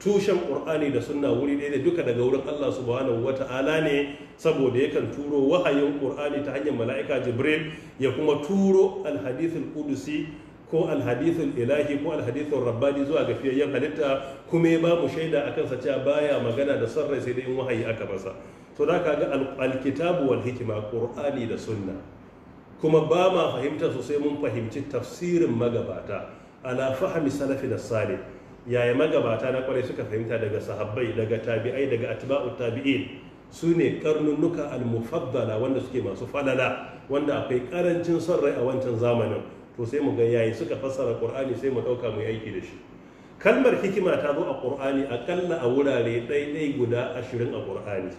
tushen qur'ani da sunna wuri ɗaya ne duka daga wurin Allah subhanahu wata'ala ne saboda yakan turo wahayin qur'ani ta hanyar mala'ika jibril ya kuma turo alhadithul qudusi ko alhadithul ilahi ko alhadithul rabbani zuwa ga fiyayyen halitta kuma ya ba mu shaida akan sa cewa baya magana da sarrai sai dai in wahayi aka masa to za ka ga alkitabu wal hikima ƙurani da sunna kuma ba ma fahimta sosai mun fahimci tafsirin magabata ala fahimi salafi da salih yaya magabata na kwarai suka fahimta daga sahabbai daga tabi'ai daga atibau tabi'in su ne karnunnuka almufaddala wanda suke masu falala wanda akwai karancin son rai a wancan zamanin to sai mu ga yayi suka fassara qur'ani sai mu dauka mu aiki da shi kalmar hikima ta zo a qur'ani akalla a wurare ɗaiɗai guda ashirin a qur'ani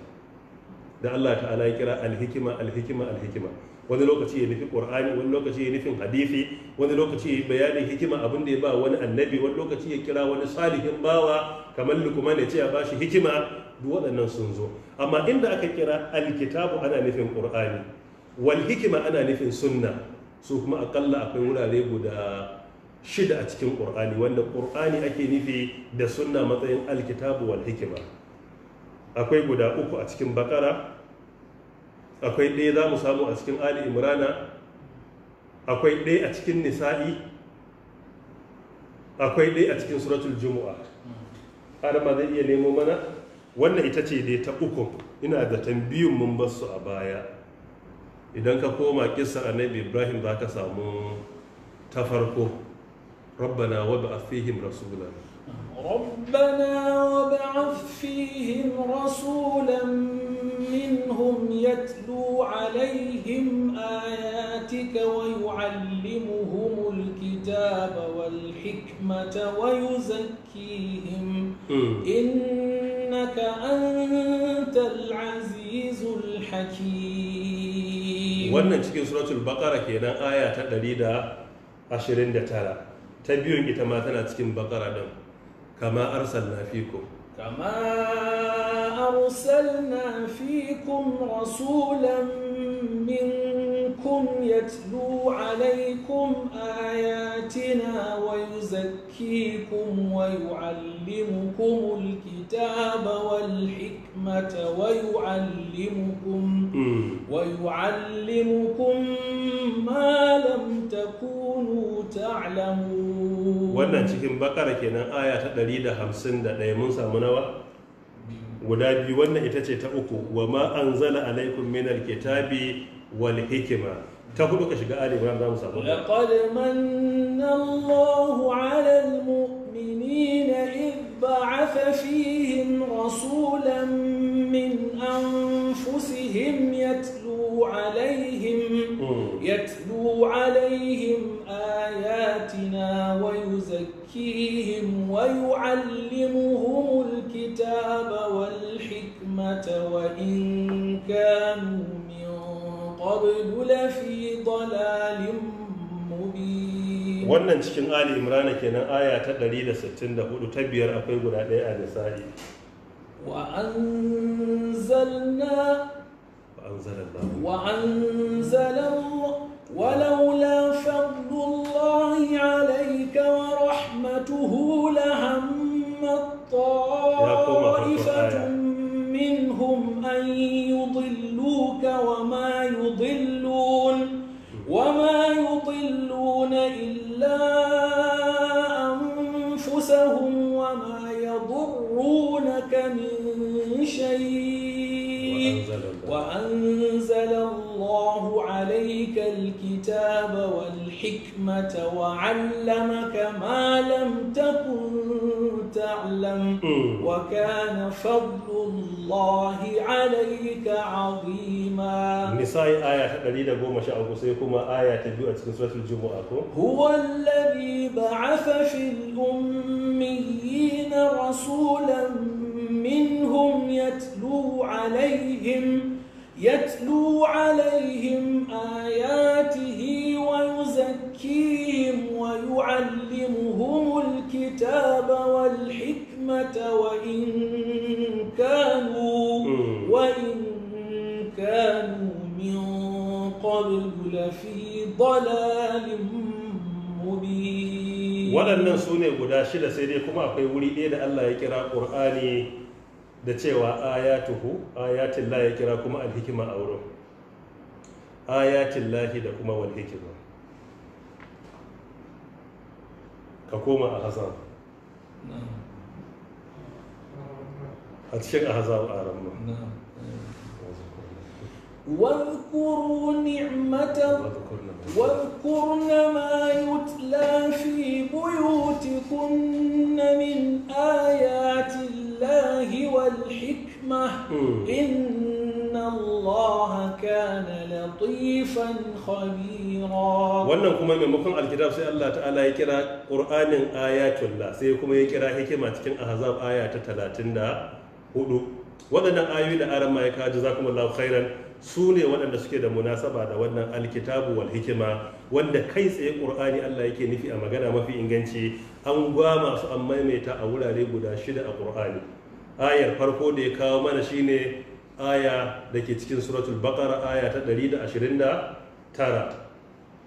da Allah ta'ala ya kira alhikima alhikima alhikima wani lokaci ya nufi qur'ani wani lokaci ya nufin hadisi wani lokaci ya bayanin hikima abin da ya ba wani annabi wani lokaci ya kira wani salihin bawa kamar lukman ya ce ya bashi hikima duk waɗannan sun zo amma inda aka kira alkitabu ana nufin qur'ani wal hikima ana nufin sunna su kuma akalla akwai wurare guda shida a cikin qur'ani wanda qur'ani ake nufi da sunna matsayin alkitabu wal hikima akwai guda uku a cikin bakara akwai ɗaya za mu samu a cikin ali imrana akwai ɗaya a cikin nisa'i akwai ɗaya a cikin suratul juma'a har ma zai iya nemo mana wannan ita ce dai ta uku ina da tambiyun mun bar su a baya idan ka koma kissa annabi ibrahim za ka samu ta farko rabbana wa ba'athihim rasulana ربنا وابعث فيهم رسولا منهم يتلو عليهم آياتك ويعلمهم الكتاب والحكمة ويزكيهم إنك أنت العزيز الحكيم wannan cikin suratul baqara kenan aya ta 129 ta biyun ita ma tana cikin baqara din كما أرسلنا فيكم كما أرسلنا فيكم رسولا منكم ربكم يتلو عليكم آياتنا ويزكيكم ويعلمكم الكتاب والحكمة ويعلمكم ويعلمكم ما لم تكونوا تعلمون wannan cikin bakara kenan aya ta 151 mun samu nawa guda biyu wannan ita ce ta uku wa ma anzala alaikum minal kitabi wal hikima ta hudu ka shiga ali imran za mu samu laqad muminina id ba'atha rasulan min anfusihim yatlu 'alayhim hmm. ayatina wa yuzakkihim hikmata wa قبل لفي ضلال مبين wannan cikin Ali Imran kenan aya ta 164 ta biyar akwai guda ɗaya a Nisa'i wa anzalna wa anzalallahu wa anzalallahu ولولا فضل الله عليك ورحمته لهم الطائفة منهم أن يضلوك وما يضلون وما يضلون إلا أنفسهم وما يضرونك من شيء وأنزل الله عليك الكتاب والحكمة وعلمك ما لم تكن تعلم وكان فضل الله عليك عظيما نساء آية دليل قوم شاء سيكون آية تبيع سورة الجمعة هو الذي بعث في الأميين رسولا منهم يتلو عليهم يتلو عليهم آياته ويزكيهم ويعلمهم الكتاب والحكمة وإن كانوا وإن كانوا من قبل لفي ضلال مبين waɗannan su ne guda shida sai dai kuma akwai wuri ɗaya da Allah ya kira ƙur'ani da cewa ayatuhu ayatin la ya kira kuma alhikima a wurin ayatin lahi da kuma walhikima ka koma a hazan a cikin ahzab a ramma واذكروا نعمة واذكرن ما يتلى في بيوتكن من آيات الله والحكمة الحكمة hmm. إن الله كان لطيفا wannan kuma maimakon alkitab sai Allah ta'ala ya kira Qur'anin la sai kuma ya kira hikima cikin ahzab aya ta 34 waɗannan ayoyi da aran ma ya kaji zakumullahu khairan su ne waɗanda suke da munasaba da wannan alkitabu wal hikima wanda kai tsaye ƙur'ani Allah yake nufi a magana mafi inganci an gwama su an maimaita a wurare guda shida a ƙur'ani ayar farko da ya kawo mana shine aya da ke cikin suratul baqara aya ta 129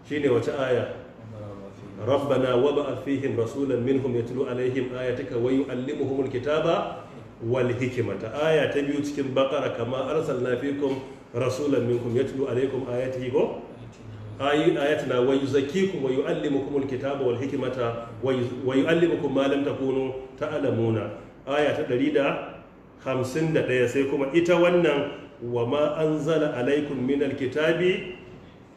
shine wace aya rabbana wab'ath fihim rasulan minhum yatlu alaihim ayatika wa yu'allimuhumul kitaba wal hikmata aya ta biyu cikin baqara kama arsalna fikum rasulan minkum yatlu alaikum ayatihi go ayatina wa yuzakkikum wa yu'allimukumul kitaba wal hikmata wa yu'allimukum ma lam takunu ta'lamuna aya ta 151 sai kuma ita wannan wa ma an zala alaikum minal kitabi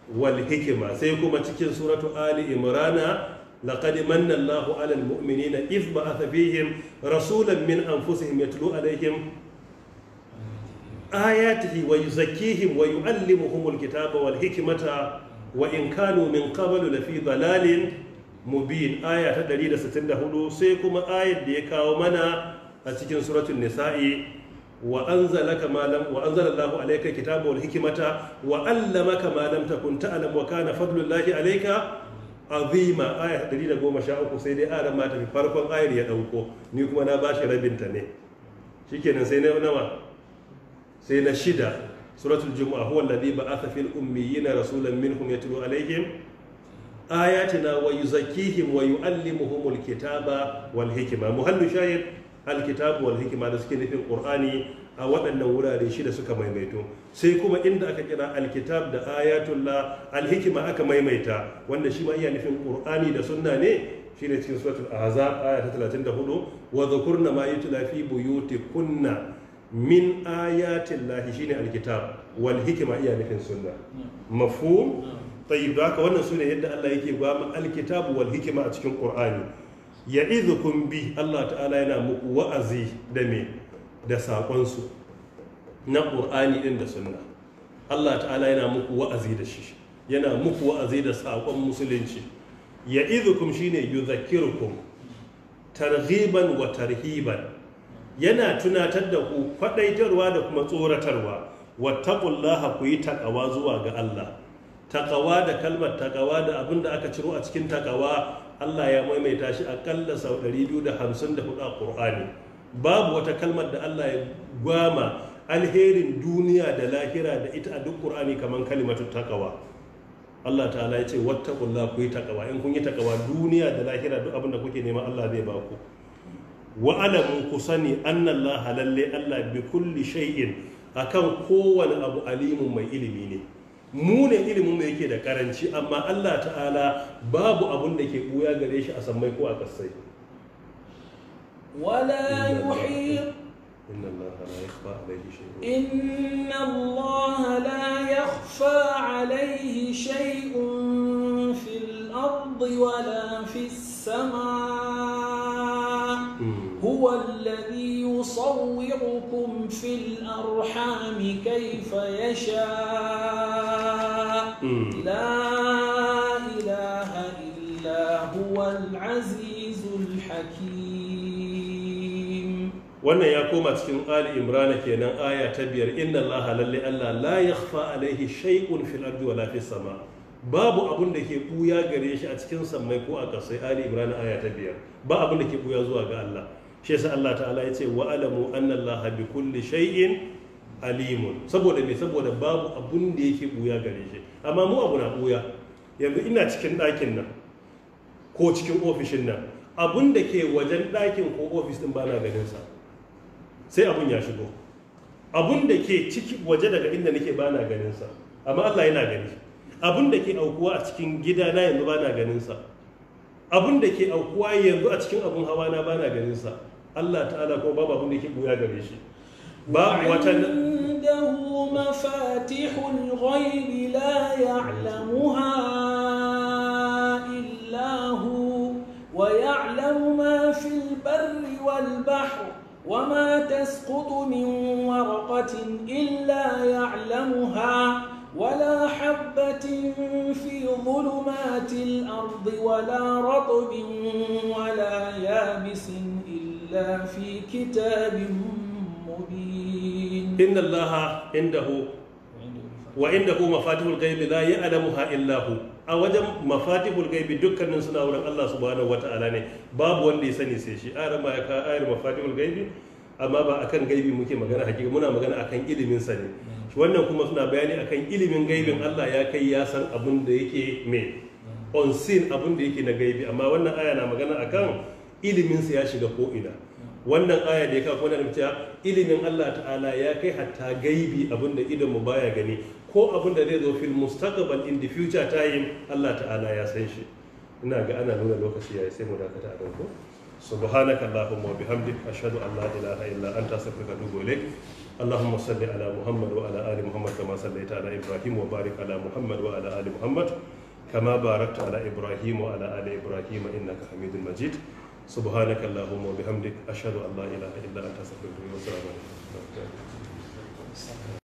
wal hikima sai kuma cikin suratu ali imrana laqad manna Allahu 'alal mu'minina idh ba'atha fihim rasulan min anfusihim yatlu alaihim ayatihi wa yuzakkihim wa yu'allimuhumul kitaba wal hikimata. wa in kanu min qablu lafi dalalin mubin aya ta 164 sai kuma ayar da ya kawo mana a cikin suratun nisa'i wa anzalaka ma lam wa Allahu alayka kitaba wal hikmata wa allamaka ma lam takun ta'lam wa kana fadlullahi alayka azima aya 113 sai dai aran mata fi farkon ayar ya dauko ni kuma na bashi rabin ta ne shikenan sai na nawa sai na shida suratul jumu'a huwa alladhi ba'atha fil ummiyina rasulan minhum yatlu alayhim ayatina wa yuzakkihim wa yu'allimuhumul kitaba wal hikima. muhallu shayin? alkitabu wal hikima da suke nufin qur'ani a waɗannan wurare shida suka maimaito sai kuma inda aka kira alkitab da ayatullah alhikima aka maimaita wanda shi ma iya nufin qur'ani da sunna ne Shi ne cikin suratul ahzab aya ta 34 wa dhukurna ma yutla fi buyutikunna min shi ne alkitab wal hikima iya nufin sunna mafhum tayyib haka wannan sune yadda Allah yake ba mu alkitab wal hikima a cikin qur'ani ya izukun bi Allah ta'ala yana muku wa'azi da me da saƙonsu na ƙur'ani ɗin da sunna Allah ta'ala yana muku wa'azi da shi yana muku wa'azi da saƙon musulunci ya ne shine yuzakirukum targhiban wa tarhiban yana tunatar da ku kwadaitarwa da kuma tsoratarwa wattaqullaha ku yi takawa zuwa ga Allah takawa da kalmar takawa da abin da aka ciro a cikin takawa Allah ya maimaita shi akalla sau 254 a ƙur'ani. babu wata kalmar da Allah ya gwama alherin duniya da lahira da ita a duk Qur'ani kamar kalimatu takawa Allah ta'ala ya ce wattaqullaha ku yi takawa in kun yi takawa duniya da lahira duk abin da kuke nema Allah zai ba ku wa alamu ku sani Allah lalle Allah bi kulli shay'in akan kowane abu alimun mai ilimi ne mu ne ilimin da yake da karanci amma Allah ta'ala babu abun da ke buya gare shi a sammai ko a kasai wala yuhit inna Allah inna Allah la yakhfa alayhi shay'un fil ardi wala fis samaa hmm. يصوركم في الأرحام كيف يشاء لا إله إلا هو العزيز الحكيم wannan ya koma cikin Ali Imran kenan aya ta biyar inna laha lalle Allah la yakhfa alaihi shay'un fil ardi wala fis sama babu abun da ke buya gare shi a cikin sammai ko a kasai Ali Imran aya ta biyar ba abun da ke buya zuwa ga Allah shi yasa Allah ta'ala ya ce wa'alamu alamu annallaha bi kulli shay'in alimun saboda me saboda babu abun da yake buya gare shi amma mu abu na buya yanzu ina cikin ɗakin nan ko cikin ofishin nan abun da ke wajen ɗakin ko ofis din bana ganin sa sai abun ya shigo abun da ke ciki waje daga inda nake bana ganin sa amma Allah yana gani abun da ke aukuwa a cikin gida na yanzu bana ganin sa abun da ke aukuwa yanzu a cikin abun hawa na bana ganin sa الله تعالى كو بابا abin da بويا غريشي با shi عنده مفاتح الغيب لا يعلمها إلا هو ويعلم ما في البر والبحر وما تسقط من ورقة إلا يعلمها ولا حبة في ظلمات الأرض ولا رطب ولا يابس في كتاب مبين إن الله عنده وعنده مفاتيح الغيب لا يعلمها إلا هو a wajen mafatihul gaibi dukkanin suna wurin Allah subhanahu wata'ala ne babu wanda ya sani sai shi ayar ma ya ka ayar mafatihul gaibi amma ba akan gaibi muke magana hakika muna magana akan ilimin sa ne wannan kuma suna bayani akan ilimin gaibin Allah ya kai ya san abin da yake me on scene abin da yake na gaibi amma wannan aya na magana akan iliminsa ya shiga ko'ina wannan aya da ya kafa wannan cewa ilimin Allah ta'ala ya kai hatta gaibi abinda idan mu baya gani ko abinda zai zo fil mustaqbal in the future time Allah ta'ala ya san shi ina ga ana nuna lokaci yayi sai mu dakata a ranko subhanaka allahumma wa bihamdika ashhadu an la ilaha illa anta astaghfiruka wa atubu ilayk allahumma salli ilaik اللهم صل على محمد وعلى ال محمد كما صليت على ابراهيم وبارك على محمد وعلى ال محمد كما باركت على ابراهيم وعلى ال ابراهيم انك حميد مجيد subhanaka allahumma wa bihamdik ashhadu an la ilaha illa anta astaghfiruka wa atubu ilaik